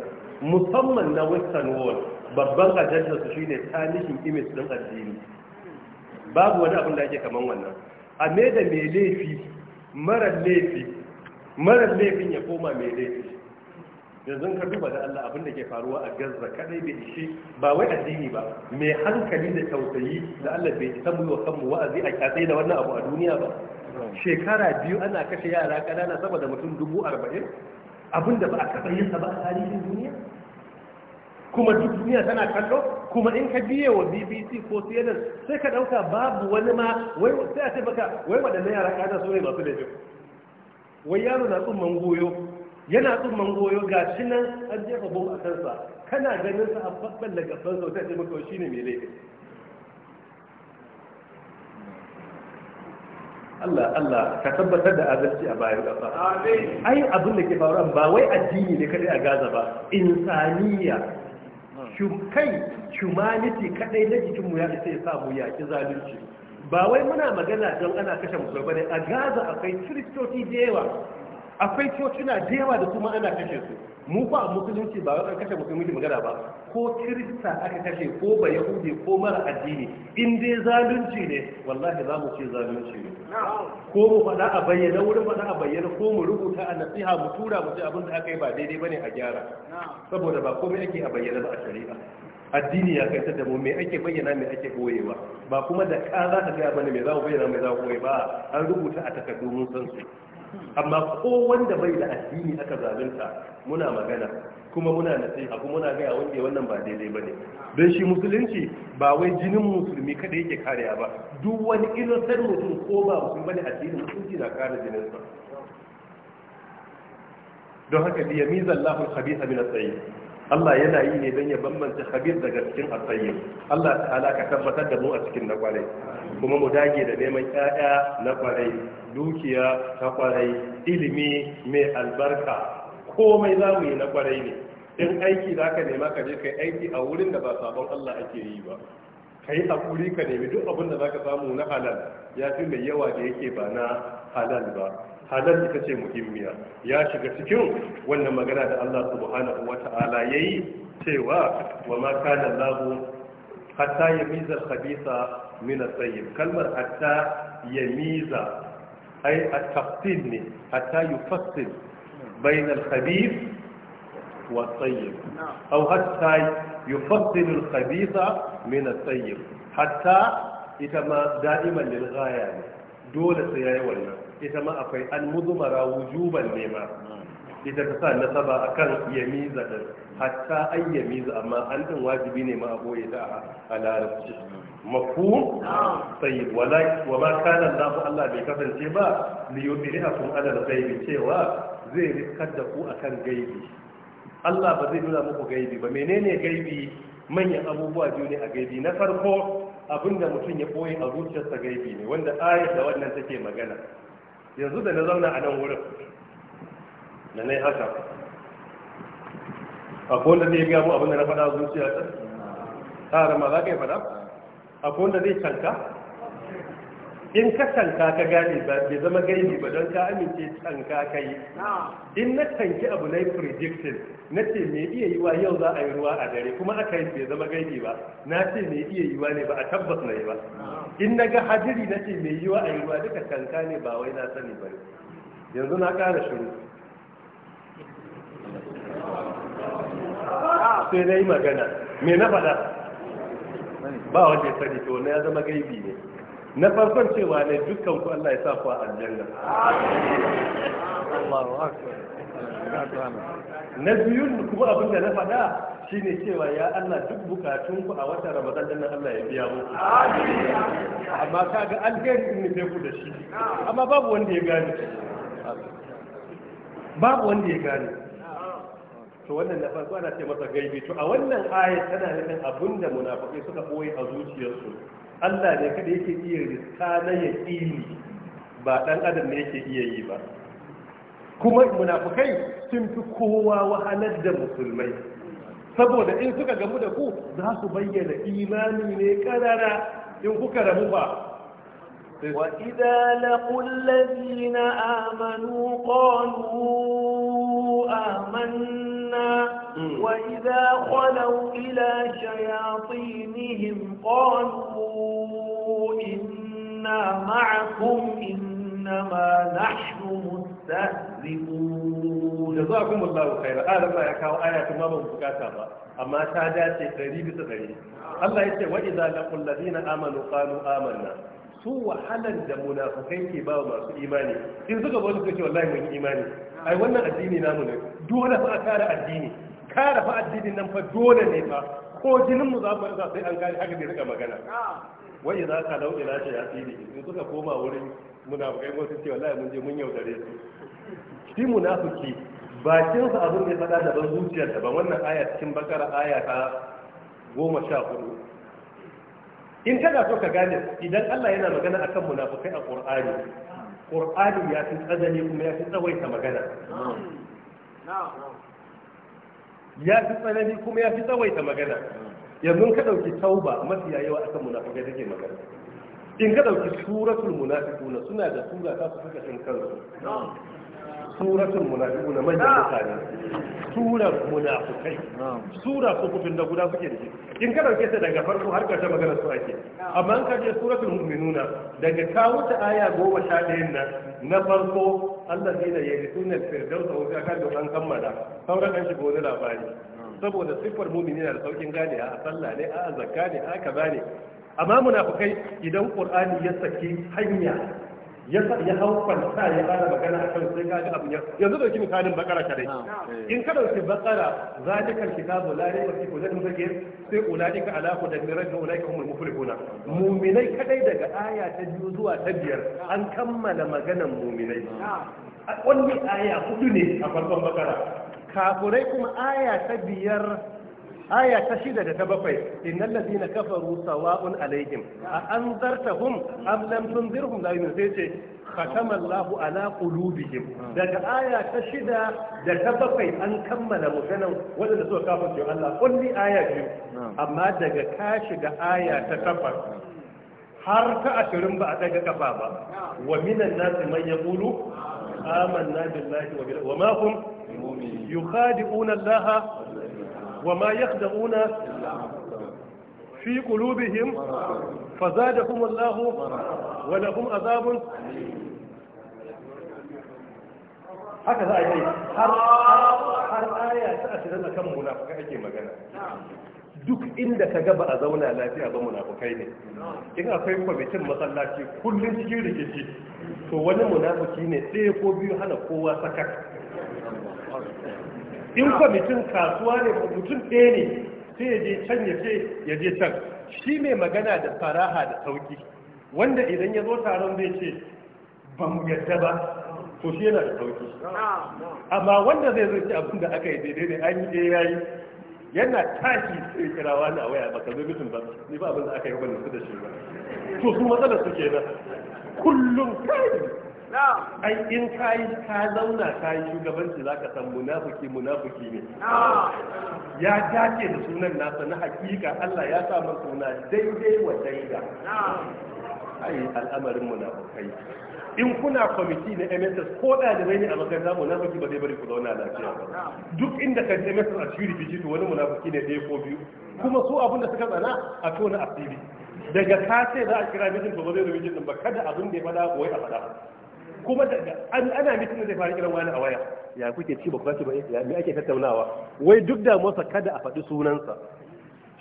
musamman na western world babban su shi ne tanishin image ɗin addini babu wani abin da ake kaman wannan a me da mai laifi marar laifi marar laifin ya koma mai laifi yanzu ka duba da Allah abin da ke faruwa a Gaza kadai bai ishe ba wai addini ba mai hankali da tausayi da Allah bai isa mu wa kanmu wa'azi a kyatsai da wannan abu a duniya ba shekara biyu ana kashe yara kanana saboda mutum dubu arba'in abinda ba a taɓa yin ba a tarihin duniya kuma duk duniya tana kallo kuma in ka biye wa bbc ko cnn sai ka ɗauka babu wani ma wai sai a ce baka wai waɗannan yara kanana su ne masu laifin wai yaro na tsumman goyo yana tsumman goyo ga shi nan an jefa bom a kansa kana ganin sa a babban daga fansa wata ce maka shi ne mai laifin Allah Allah ka tabbatar da adalci a bayan ƙasa ai abin da ke faruwa ba wai addini ne kadai a Gaza ba insaniya kai humanity kadai na jikin mu ya isa ya samu yaki zalunci ba wai muna magana don ana kashe musulmai a Gaza akwai kiristoci da yawa akwai cocina da yawa da kuma ana kashe su mu ba musulunci ba wai kashe musulunci magana ba ko kirista aka kashe ko ba yahudi ko mara addini in dai zalunci ne wallahi za mu ce zalunci ne ko mu faɗa a bayyana wurin faɗa a bayyana ko mu rubuta a nasiha mu tura mu ce abin da aka yi ba daidai ba ne a gyara saboda ba komai ake a bayyana ba a shari'a addini ya kai ta mu me ake bayyana me ake boyewa ba kuma da ka za ka gaya bane me za mu bayyana me za mu boye ba an rubuta a takardu mun san su amma ko wanda bai da addini aka zalunta muna magana kuma muna nasiha kuma muna gaya wanda wannan ba daidai bane don shi musulunci ba wai jinin musulmi kada yake kariya ba duk wani ilotar mutum ko ba musulmi bane addinin musulunci na kare jinin sa don haka bi yamizallahu al-khabitha min as-sayyid Allah yana yi ne don ya bambanta Habib daga cikin asayi Allah ta'ala ka tabbatar da mu a cikin na kwarai kuma mu dage da neman ƴaƴa na kwarai dukiya ta kwarai ilimi mai albarka komai za mu yi na kwarai ne in aiki za ka nema ka je kai aiki a wurin da ba sabon Allah ake yi ba ka yi hakuri ka nemi duk abin da za ka samu na halal ya fi mai yawa da yake ba na halal ba halal ita ce muhimmiya ya shiga cikin wannan magana da Allah subhanahu wata'ala yayi cewa wa ma kana Allah hatta yamiza al-khabitha min at-tayyib kalmar hatta yamiza ay at-tafsil ne hatta yufassil bayna al-khabith wa at-tayyib aw hatta yufassil al-khabitha min at-tayyib hatta ita ma da'iman lil ghaya ne dole sai yayi wannan ita ma akwai an muzumara wujuban nema ita ta sa nasaba akan yamiza din hatta an yamiza amma an din wajibi ne ma a boye ta a larabci mafu sai wala wa ma kana Allah Allah bai kasance ba li yudri'akum ala al-ghaibi cewa zai riskar da ku akan gaibi Allah ba zai nuna muku gaibi ba menene gaibi manyan abubuwa biyu ne a gaibi na farko abinda mutum ya koyi a zuciyarsa gaibi ne wanda ayat da wannan take magana yanzu da na zauna a nan wurin da na yi haka akwai wanda zai gabo abin da na fada zuciya ta ta ma za ka yi faɗa akwai wanda zai canka in ka tanka ka gane ba bai zama gaibi ba don ka amince tanka ka yi in na tanki abu na predicted na ce me iya yiwa yau za a yi ruwa a dare kuma aka yi bai zama gaibi ba na ce me iya yiwa ne ba a tabbas na yi ba in na ga hajiri na ce me yiwa a yi ruwa duka tanka ne ba wai na sani ba yanzu na ƙara shiru sai na yi magana me na faɗa ba wanda ya sani to na ya zama gaibi ne na farkon cewa ne dukkan ku Allah ya sa ku a aljanna na biyun kuma abin da na faɗa shine cewa ya Allah duk bukatun ku a watan Ramadan din Allah ya biya mu amma kaga alheri in ne ku da shi amma babu wanda ya gane babu wanda ya gane to wannan na farko ana ce masa gaibi to a wannan ayat tana nufin abinda munafiki suka boye a zuciyarsu Allah ne kada yake iya riska na yaƙini ba ɗan adam ne yake iya yi ba kuma munafukai sun fi kowa wahalar da musulmai saboda in suka gamu da ku za su bayyana imani ne karara in kuka rabu ba Wa na لقوا الذين amanu قالوا آمنا وإذا خلوا إلى شياطينهم قالوا إنا معكم إنما نحن مستهزئون جزاكم الله خيرا آل الله يكاو آية ما بمكاتبة أما تادات قريب تقريب الله يقول وإذا لقوا الذين آمنوا قالوا آمنا su wahalar da munafukai ke ba masu imani in suka zo suka ce wallahi mun imani ai wannan addini namu ne dole fa a kare addini kare fa addinin nan fa dole ne fa ko jinin mu za mu ba sai an kare haka bai rika magana wai idza lau ila yasiri in suka koma wurin munafukai ko su ce wallahi mun je mun yaudare su shi munafiki bakin sa abin da ya faɗa daban zuciyar ban wannan aya cikin bakara aya ta goma sha hudu in kana so ka gane idan Allah yana magana akan munafukai a Qur'ani Qur'ani ya fi tsanani kuma ya fi tsawaita magana ya fi tsanani kuma ya fi tsawaita magana yanzu ka dauki tauba mafi yawa akan munafukai take magana in ka dauki suratul munafiquna suna da sura ta fuka suka kansu suratul munafiquna man da mutane surar munafikai sura su kufin da guda suke da shi in ka dauke ta daga farko har ka ta magana su ake amma in ka je suratul mu'minuna daga ka wuce aya goma sha ɗayan nan na farko Allah zai da yayi sunan firdaus a kan an kammala sauran kan shi wani labari saboda siffar mu'mini na da saukin gane a sallah ne a zakka ne a kaza ne amma munafukai idan qur'ani ya saki hanya ya ya hau kwanta ya fara magana a kan sai kaji abu yanzu dauki misalin bakara dai. in ka dauki bakara zalikal kitabu la rayba fi hudan zakir sai ulaika ala hudan min rabbihim ulaika humul muflihuna mu'minai kadai daga aya ta biyu zuwa ta biyar an kammala maganan mu'minai Wani aya hudu ne a farkon bakara kafurai kuma aya ta biyar aya ta shida da ta bakwai innal ladina kafaru sawa'un alaihim a anzartahum am lam tunzirhum la yu'minun sai ce khatama lahu ala qulubihim daga aya ta shida da ta bakwai an kammala maganan wanda suka kafa a Allah kulli aya amma daga ka shiga aya ta takwas har ta ashirin ba a daga kafa ba wa minan amanna wa wa ma yakhda'una fi qulubihim fazadahum Allah wa lahum azabun haka za a yi har har aya ta ashirin akan munafukai ake magana duk inda ka gaba a zauna lafiya ba munafukai ne in akwai kwamitin masallaci kullum cikin rikici to wani munafuki ne ɗaya ko biyu hana kowa sakat in kwamitin kasuwa ne mutum ɗaya ne sai ya je can ya ce ya je can shi mai magana da faraha da sauki wanda idan ya zo taron zai ce ba mu yadda ba to shi yana da sauki amma wanda zai zo ce abin da aka yi daidai ne an yi ɗaya eh, ya yi yana tashi sai kirawa na waya ba, ka zo mutum ba ni ba abin da aka yi wani su da shi ba to su matsalar su kenan kullum kai ai in ka yi ka zauna ka yi shugabanci za ka san munafuki munafuki ne ya dace da sunan nasa na hakika Allah ya sa masa suna daidai wa daida ai al'amarin munafukai in kuna kwamiti na MSS ko ɗalibai ne a makaranta munafiki ba zai bari ku zauna lafiya ba duk inda kan ji MSS a shiri biki to wani munafuki ne ɗaya ko biyu kuma su abin da suka tsana a tona asiri daga ka ce za a kira mijin to ba zai mijin ba kada abin da ya faɗa ko a faɗa kuma da an ana mitin da zai fara kiran wani a waya ya kuke ci ba ku ba ya me ake tattaunawa wai duk da masa kada a faɗi sunansa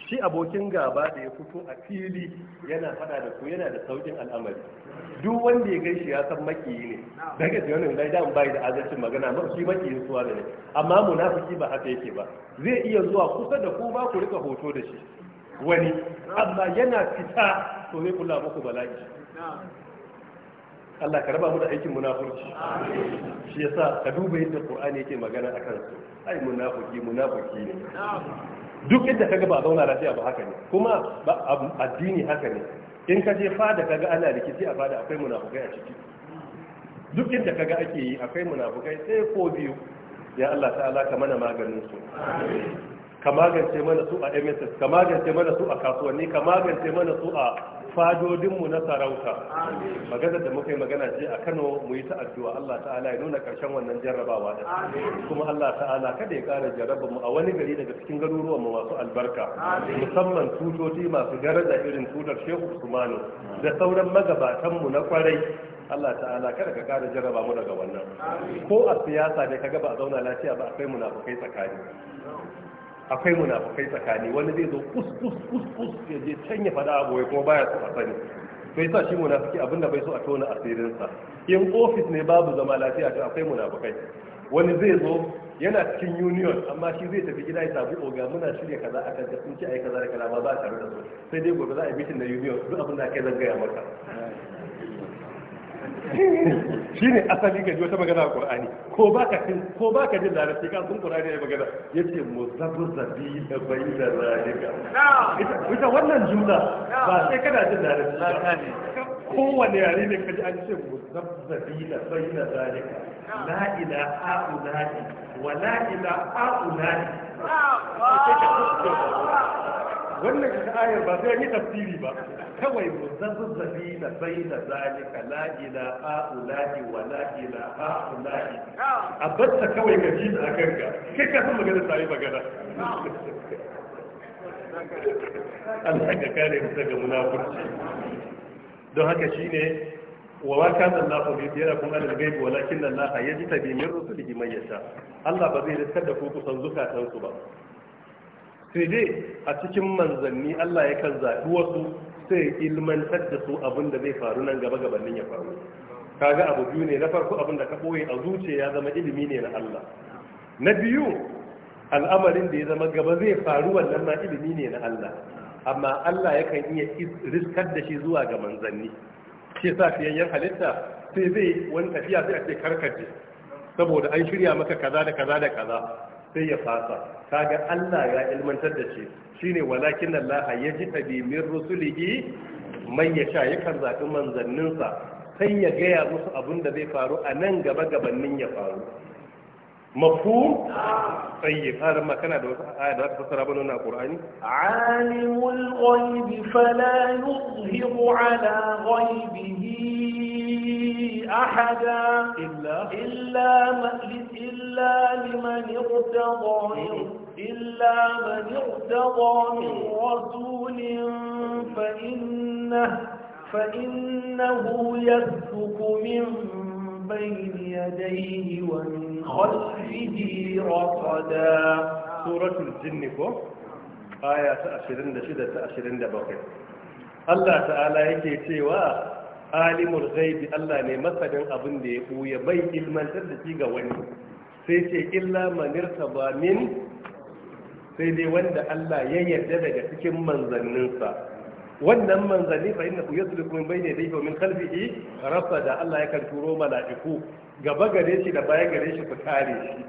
shi abokin gaba da ya fito a fili yana fada da ku yana da saukin al'amari duk wanda ya gaishe ya san maki ne daga tsiyonin dai da bai da azancin magana ba shi ne suwa ne amma munafiki ba haka yake ba zai iya zuwa kusa da ku ba ku rika hoto da shi wani amma yana fita to zai kula muku bala'i Allah ka raba mu da aikin munafurci shi yasa ka duba yadda Qur'ani yake magana akan su ai munafiki munafiki ne duk inda kaga ba zauna lafiya ba haka ne kuma addini haka ne in ka je fada kaga ana rikici a fada akwai munafukai a ciki duk inda kaga ake yi akwai munafukai sai ko biyu ya Allah ta'ala ka mana maganin su ka magance mana su a MSS ka magance mana su a kasuwanni ka magance mana su a fadodinmu na sarauta magana da muka yi magana ce a Kano mu yi ta addu'a Allah ta'ala ya nuna karshen wannan jarrabawa da kuma Allah ta'ala kada ya kara jarraba mu a wani gari daga cikin garuruwan mu masu albarka musamman tutoti masu daraja irin tutar Shehu Usmanu da sauran magabatan mu na kwarai Allah ta'ala kada ka kara jarraba mu daga wannan ko a siyasa da ka ba a zauna lafiya ba akwai munafukai tsakani akwai munafukai tsakani wani zai zo kus kus kus kus ya je can ya faɗa abu ya kuma baya so a sani bai sa shi munafiki abinda bai so a tona asirinsa in ofis ne babu zama lafiya to akwai munafukai wani zai zo yana cikin union amma shi zai tafi gida ya sabu oga muna shirya kaza a kan sun ci a yi kaza da kaza ba za a tare da su sai dai gobe za a yi mitin na union duk abin da aka yi zan gaya maka Shi ne asali ga wata magana a qur'ani ko ka cin ko ka jin larabci ka sun qur'ani ya magana zabu zabi da bayda zalika ita ita wannan jumla ba sai kana jin larabci kowane yare ne kaji an ce mu zabi da da zalika la ilaha illa wa la ilaha illa wannan ita ayar ba sai yi tafsiri ba kawai muzazzabi na bai da zalika la ilaha ulahi wa la ilaha ulahi a batta kawai ka ji a kanka kai ka san magana sai magana Allah ka kare mu daga munafurci don haka shine wa ma kana Allahu bi yarakum al ghaib walakin Allah yajtabi min rusulihi man yasha Allah ba zai riskar da ku kusan zukatan su ba sai dai, a cikin manzanni Allah ya kan zaɓi wasu sai ilmantar da su abin da zai faru nan gaba gabanin ya faru kaga abu biyu ne na farko abin da ka ɓoye a zuciya ya zama ilimi ne na Allah na biyu al'amarin da ya zama gaba zai faru wannan ma ilimi ne na Allah amma Allah yakan iya riskar da shi zuwa ga manzanni ke sa fiyayyen halitta sai zai wani tafiya sai a ce karkace saboda an shirya maka kaza da kaza da kaza sai ya fasa kaga Allah ya ilmantar da shi shine walakin Allah ya ji tabi min rusulihi man yasha yakan zaɓi manzanninsa sai ya gaya musu abin da zai faru a nan gaba gabanin ya faru مفهوم طيب da ما كان هذا تفسر بنا القرآن alimul ghaibi fala yuzhiru ala ghaibihi أحدا إلا, إلا, إلا لمن ارتضى إلا من ارتضى من رسول فإنه, فإنه يسلك من بين يديه ومن خلفه رصدا سورة الجن كو آية 26 27 الله تعالى يكي cewa alimul ghaibi Allah ne masanin abin da ya buya bai ilmantar da shi ga wani sai ce illa manirta ba min sai dai wanda Allah ya yarda daga cikin manzanninsa wannan manzanni fa inna bai min da yadayhi domin min khalfihi da Allah kan turo mala'iku gaba gare shi da baya gare shi su kare shi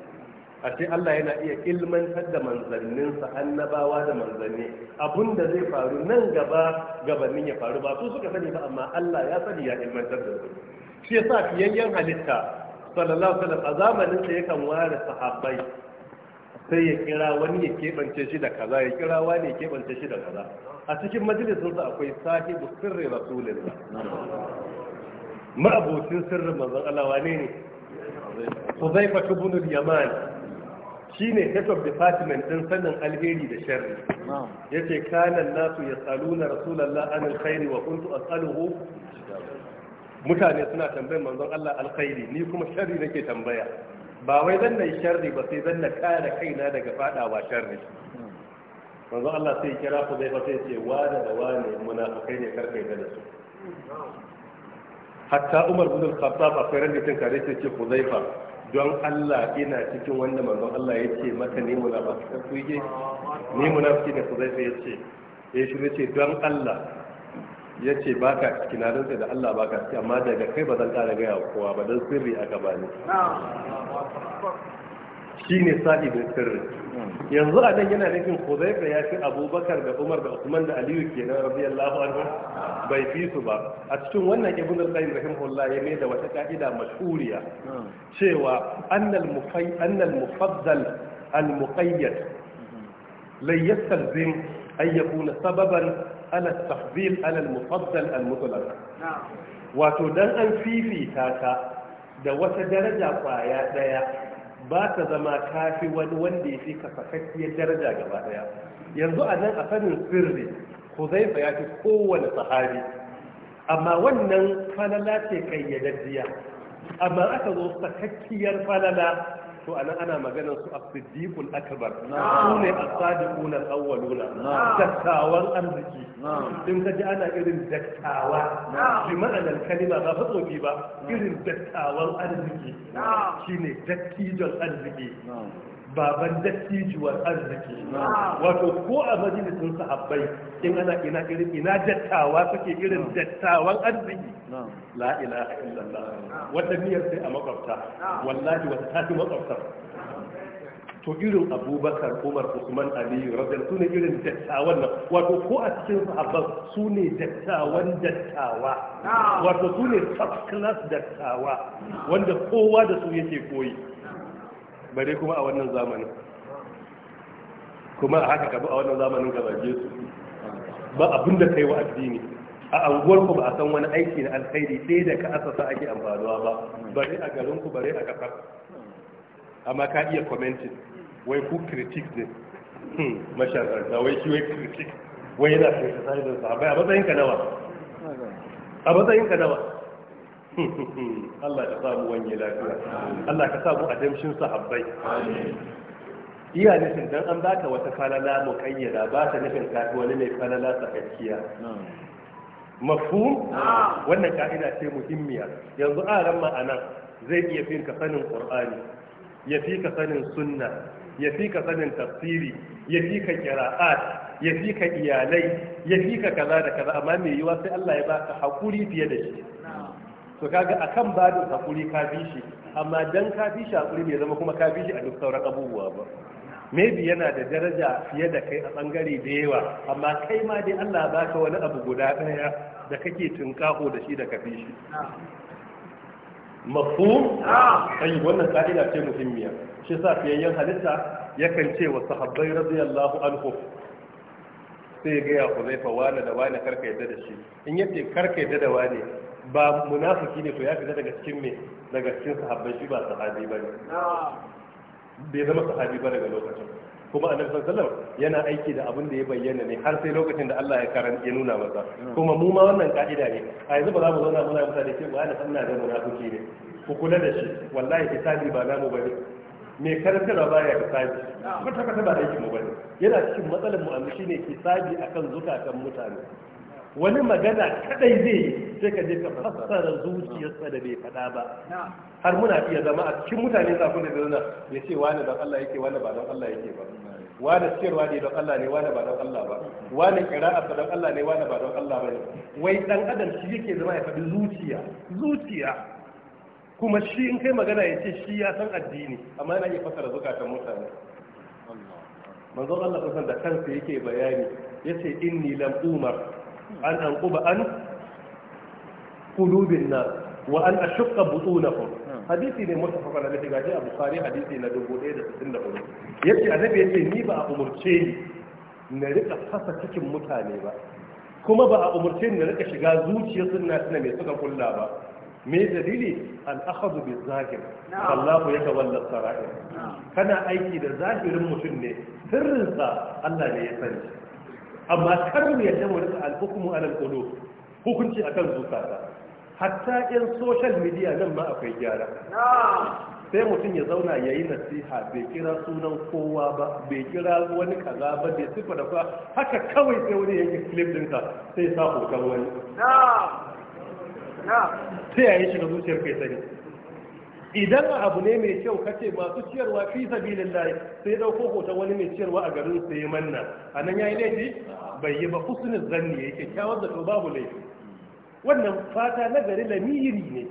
a ce Allah yana iya ilmantar da manzanninsa annabawa da manzanni abun zai faru nan gaba gabanin ya faru ba su suka sani ba amma Allah ya sani ya ilmantar da su shi yasa fiyayyen halitta sallallahu alaihi wasallam a zamanin sa yakan ware sahabbai sai ya kira wani ya kebance shi da kaza ya kira wani ya kebance shi da kaza a cikin majalisin sa akwai sahibu sirri rasulillah ma'abocin sirrin manzon Allah wane ne Huzaifa ibn al-Yaman Shi ne head of department ɗin sanin alheri da shari. Ya ce kana nasu yasaluna rasulullah an alkhairi wa kuntu a asaluhu mutane suna tambayar manzon Allah alkhairi ni kuma shari nake tambaya ba wai zan na shari ba sai zan na kare kaina daga fadawa shari. manzon Allah sai kira ku zai fata ce wada da wane munafikai ne karkai da su hatta Umar bin al a akwai ran da tin kare ce Huzaifa don Allah ina cikin wanda manzon Allah ya ce mata ne munafiki ku yi ni munafiki ne ku zai ya ce ya shi ce don Allah ya ce ba ka cikin halin da Allah ba ka ciki amma daga kai ba zan ƙara gaya kowa ba don sirri a gaba ne shi ne sa'idin sirri yanzu a nan yana nufin Huzaifa ya fi Abubakar da Umar da Usman da Aliyu kenan radiyallahu anhu bai fi su ba a cikin wannan Ibn al-Qayyim rahimahullah ya da wata ka'ida mashhuriya cewa annal mufay annal mufaddal al-muqayyad la yastalzim an yakuna sababan ala at ala al-mufaddal al-mutlaq wato dan an fifita ta, da wata daraja kwaya daya ba ta zama kafi wani wanda ya fi ka daraja gaba daya yanzu a nan a sanin sirri huzaifa ya fi kowane sahabi amma wannan falala ce kayyadajjiya amma aka zo sakakkiyar falala to anan ana maganar su as-siddiqul akbar su ne a sadiqun al-awwaluna dattawan arziki in ka ji ana irin dattawa bi ma'anar kalima ba fa tsofi ba irin dattawan arziki shine dattijon arziki baban dattijuwar arziki wato ko a majalisun sahabbai in ana ina irin ina dattawa suke irin dattawan arziki la ilaha illallah wata niyyar sai a makwabta wallahi wata tafi makwabta to irin abubakar umar usman aliyu radiyal su ne irin dattawan nan wato ko a cikin sahabban su ne dattawan dattawa wato su ne top class dattawa wanda kowa da su yake koyi bare kuma a wannan zamanin kuma a haka kabu a wannan zamanin gabaje su ba abin da kai wa addini a anguwar ku ba a san wani aiki na alkhairi sai da ka asasa ake amfanuwa ba bare a garin ku bare a kafar amma ka iya commenting wai ku critic ne da, hmm, wai shi wai critic wai yana criticizing sahabai a matsayin ka nawa a matsayin ka nawa Allah ka samu wanye lafiya Allah ka samu a damshin sahabbai iya nufin dan an baka wata falala kayyada ba ta nufin kafi wani mai falala sakakkiya mafhum wannan ka'ida ce muhimmiya yanzu a ran ma'ana zai iya fi ka sanin qur'ani ya fi ka sanin sunna ya fi ka sanin tafsiri ya fi ka qira'at ya fi ka iyalai ya fi ka kaza da kaza amma mai yiwa sai Allah ya baka hakuri fiye da shi to kaga akan babu hakuri ka bi shi amma dan ka bi shi hakuri bai zama kuma ka bi shi a duk sauran abubuwa ba maybe yana da daraja fiye da kai a bangare da yawa amma kai ma dai Allah ba ka wani abu guda daya da kake tunkaho da shi da ka bi shi mafhum wannan ka'ida ce muhimmiya shi sa fiyayyen halitta yakan ce wa sahabbai radiyallahu anhu sai ga ya fa wala da wani karka yadda da shi in yace karka yadda da wani ba munafiki ne to ya fita daga cikin me daga cikin sahabbai shi ba sahabi ba ne bai zama sahabi ba daga lokacin kuma annabi sallallahu yana aiki da abin da ya bayyana ne har sai lokacin da Allah ya karanta ya nuna masa kuma mu ma wannan ka'ida ne a yanzu ba za mu zauna muna mutane ce ba na sanna da munafiki ne ku kula da shi wallahi hisabi ba namu bane me karantarwa baya hisabi kwata kwata ba aiki mu bane yana cikin matsalar mu amma shine hisabi akan zukatan mutane wani magana kadai zai yi sai ka je ka fassara zuciyarsa da bai faɗa ba har muna iya zama a cikin mutane za ku da zauna ya ce wani don Allah yake wani ba don Allah yake ba wani ciyarwa ne don Allah ne wani ba don Allah ba wani kira'a ba don Allah ne wani ba don Allah ba ne wai dan adam shi yake zama ya faɗi zuciya zuciya kuma shi in kai magana ya ce shi ya san addini amma yana iya fassara zukatan mutane manzon Allah kusan da kansa yake bayani yace inni lam umar an an an qulubin nas wa an ashqa butunahum hadisi ne mutafaqa da daga ji a bukhari hadisi na 1064 yace annabi yace ni ba a umarce ni na rika fasa cikin mutane ba kuma ba a umarce ni na rika shiga zuciyar sunna suna mai suka kulla ba me dalili al akhadhu bi zahir Allah ya tawalla sarair kana aiki da zahirin mutum ne sirrinsa Allah ne ya sani amma kar mu yadda mu rika a nan kudu hukunci a hukunci akan zukata hatta yin social media nan ma akwai gyara sai mutum ya zauna ya yi nasiha bai kira sunan kowa ba bai kira wani kaza ba bai sifa da kuwa, haka kawai sai wani yanki clip dinka sai sa hoton wani sai ya yi shiga zuciyar kai sani idan abu ne mai kyau ka ce masu ciyarwa fi sabilillahi sai dauko hoton wani mai ciyarwa a garin sai manna anan yayi laifi bai yi ba husnul zanni yake kyawar da to babu laifi wannan fata na gari lamiri ne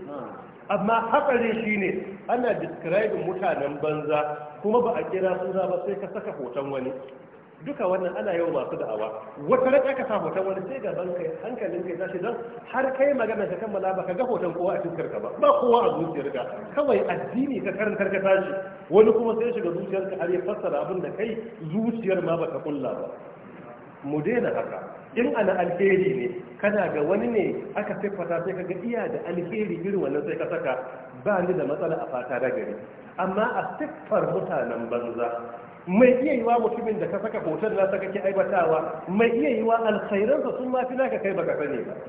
amma haƙari shi ne ana describe mutanen banza kuma ba a kira suna ba sai ka saka hoton wani duka wannan ana yau masu da'awa wata rai aka sa hoton wani sai gaban kai hankalin kai tashi don har kai magana ta kammala ba ka ga hoton kowa a cikin karka ba ba kowa a zuciyar ka kawai addini ka karantar ka tashi wani kuma sai shiga zuciyar ka har ya fassara abin da kai zuciyar ma ba ka kulla ba mu daina haka in ana alheri ne kana ga wani ne aka siffata sai ka ga iya da alheri irin wannan sai ka saka ba ni da matsala a fata da gari amma a siffar mutanen banza mai iya yi wa mutumin da ka saka hoton nasa ke aibatawa mai iya yi wa alkhairansa sun ma fi naka kai baka sani ba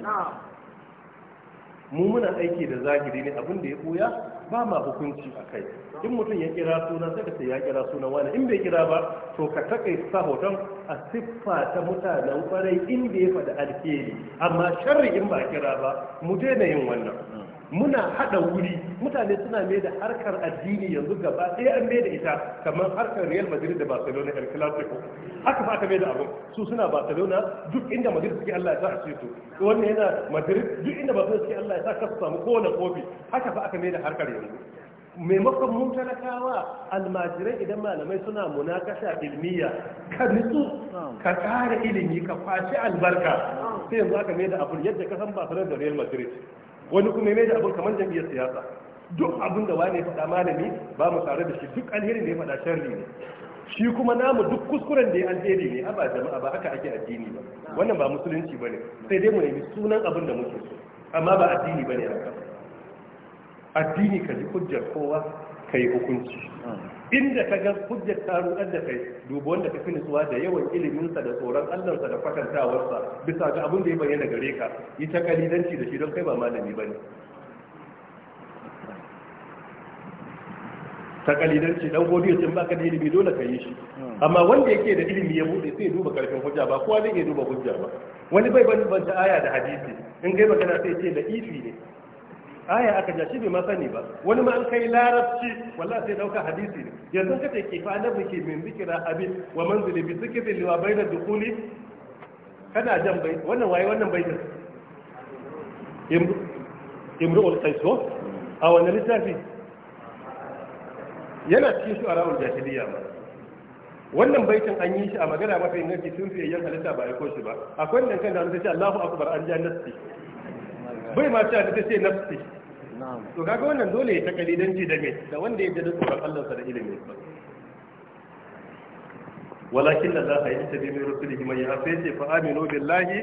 mu muna aiki da zahiri ne abin da ya koya ba ma hukunci a kai in mutum ya kira suna sai ka ce ya kira suna wani in bai kira ba to ka takai sa hoton a siffa ta mutanen kwarai inda ya faɗi alheri amma sharri in ba kira ba mu daina yin wannan muna hada wuri mutane suna mai da harkar addini yanzu gaba ɗaya an mai da ita kamar harkar real madrid da barcelona el clasico haka fa aka mai da abin su suna barcelona duk inda madrid suke allah ya sa a ce su wannan yana madrid duk inda barcelona suke allah ya sa ka su samu kowane kofi haka fa aka mai da harkar yanzu maimakon mun talakawa almajirai idan malamai suna munakasha ilmiya ka nutsu ka kare ilimi ka kwashi albarka sai yanzu aka mai da abin yadda ka san ba da real madrid wani kuma ne da abin kamar jam'iyyar siyasa duk abin da wani ya faɗa malami ba mu tare da shi duk alheri ne ya faɗa sharri ne shi kuma namu duk kuskuren da ya alheri ne haba jama'a ba haka ake addini ba wannan ba musulunci ba ne, sai dai mu nemi sunan abin da muke so amma ba addini ba ne haka addini ka ji hujjar kowa ka yi hukunci inda ka ga hujjar taru an da kai dubu wanda ka fi nutsuwa da yawan iliminsa da tsoron allansa da kwatantawarsa bisa ga abin da ya bayyana gare ka yi ta kalidanci da shi don kai ba malami ba ne ta kalidanci dan godiyo cin baka da ilimi dole ka yi shi amma wanda yake da ilimi ya bude sai duba karfin hujja ba kowa zai iya duba hujja ba wani bai banta aya da hadisi in kai magana sai ce da ifi ne aya aka ja shi bai ma sani ba wani ma an kai larabci wallahi sai dauka hadisi ne yanzu kace ke fa annabi ke min zikira abin wa manzili bi zikri li wa bayna dukhuli kana jan bai wannan waye wannan bai din imru ul qaiso a wannan littafi yana cikin shu'ara'ul jahiliya ba wannan baitin an yi shi a magana mafi inganci sun fiye yan halitta ba ko shi ba akwai nan kan da wani ce Allahu akbar an ja nasti bai ma ta ta ce nafsi to kaga wannan dole ya ji da mai, da wanda ya jada tsoron Allah sa da ilimi walakin Allah ya tabi min rusulihi man yafi fa aminu billahi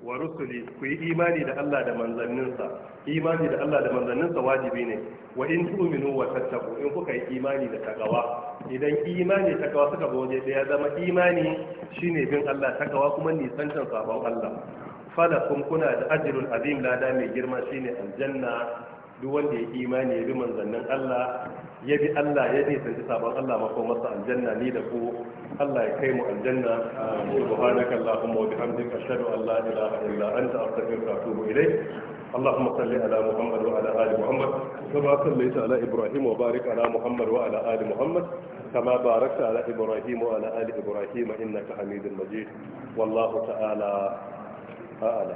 wa rusuli ku yi imani da Allah da manzanninsa imani da Allah da manzanninsa wajibi ne wa in tu'minu wa tattaqu in kuka yi imani da takawa idan imani da takawa suka ga waje ya zama imani shine bin Allah takawa kuma san sabon Allah falakun kuna da ajirul azim lada mai girma shine aljanna duk wanda ya imani ya bi manzannin Allah ya bi Allah ya bi sabon Allah mako masa aljanna ni da ku Allah ya kai mu aljanna subhanaka allahumma wa bihamdika ashhadu an la ilaha illa anta astaghfiruka wa atubu ilayk اللهم صل على محمد وعلى ال محمد كما صليت على ابراهيم وبارك على محمد وعلى ال محمد كما باركت على ابراهيم وعلى ال ابراهيم انك حميد مجيد والله تعالى أعلم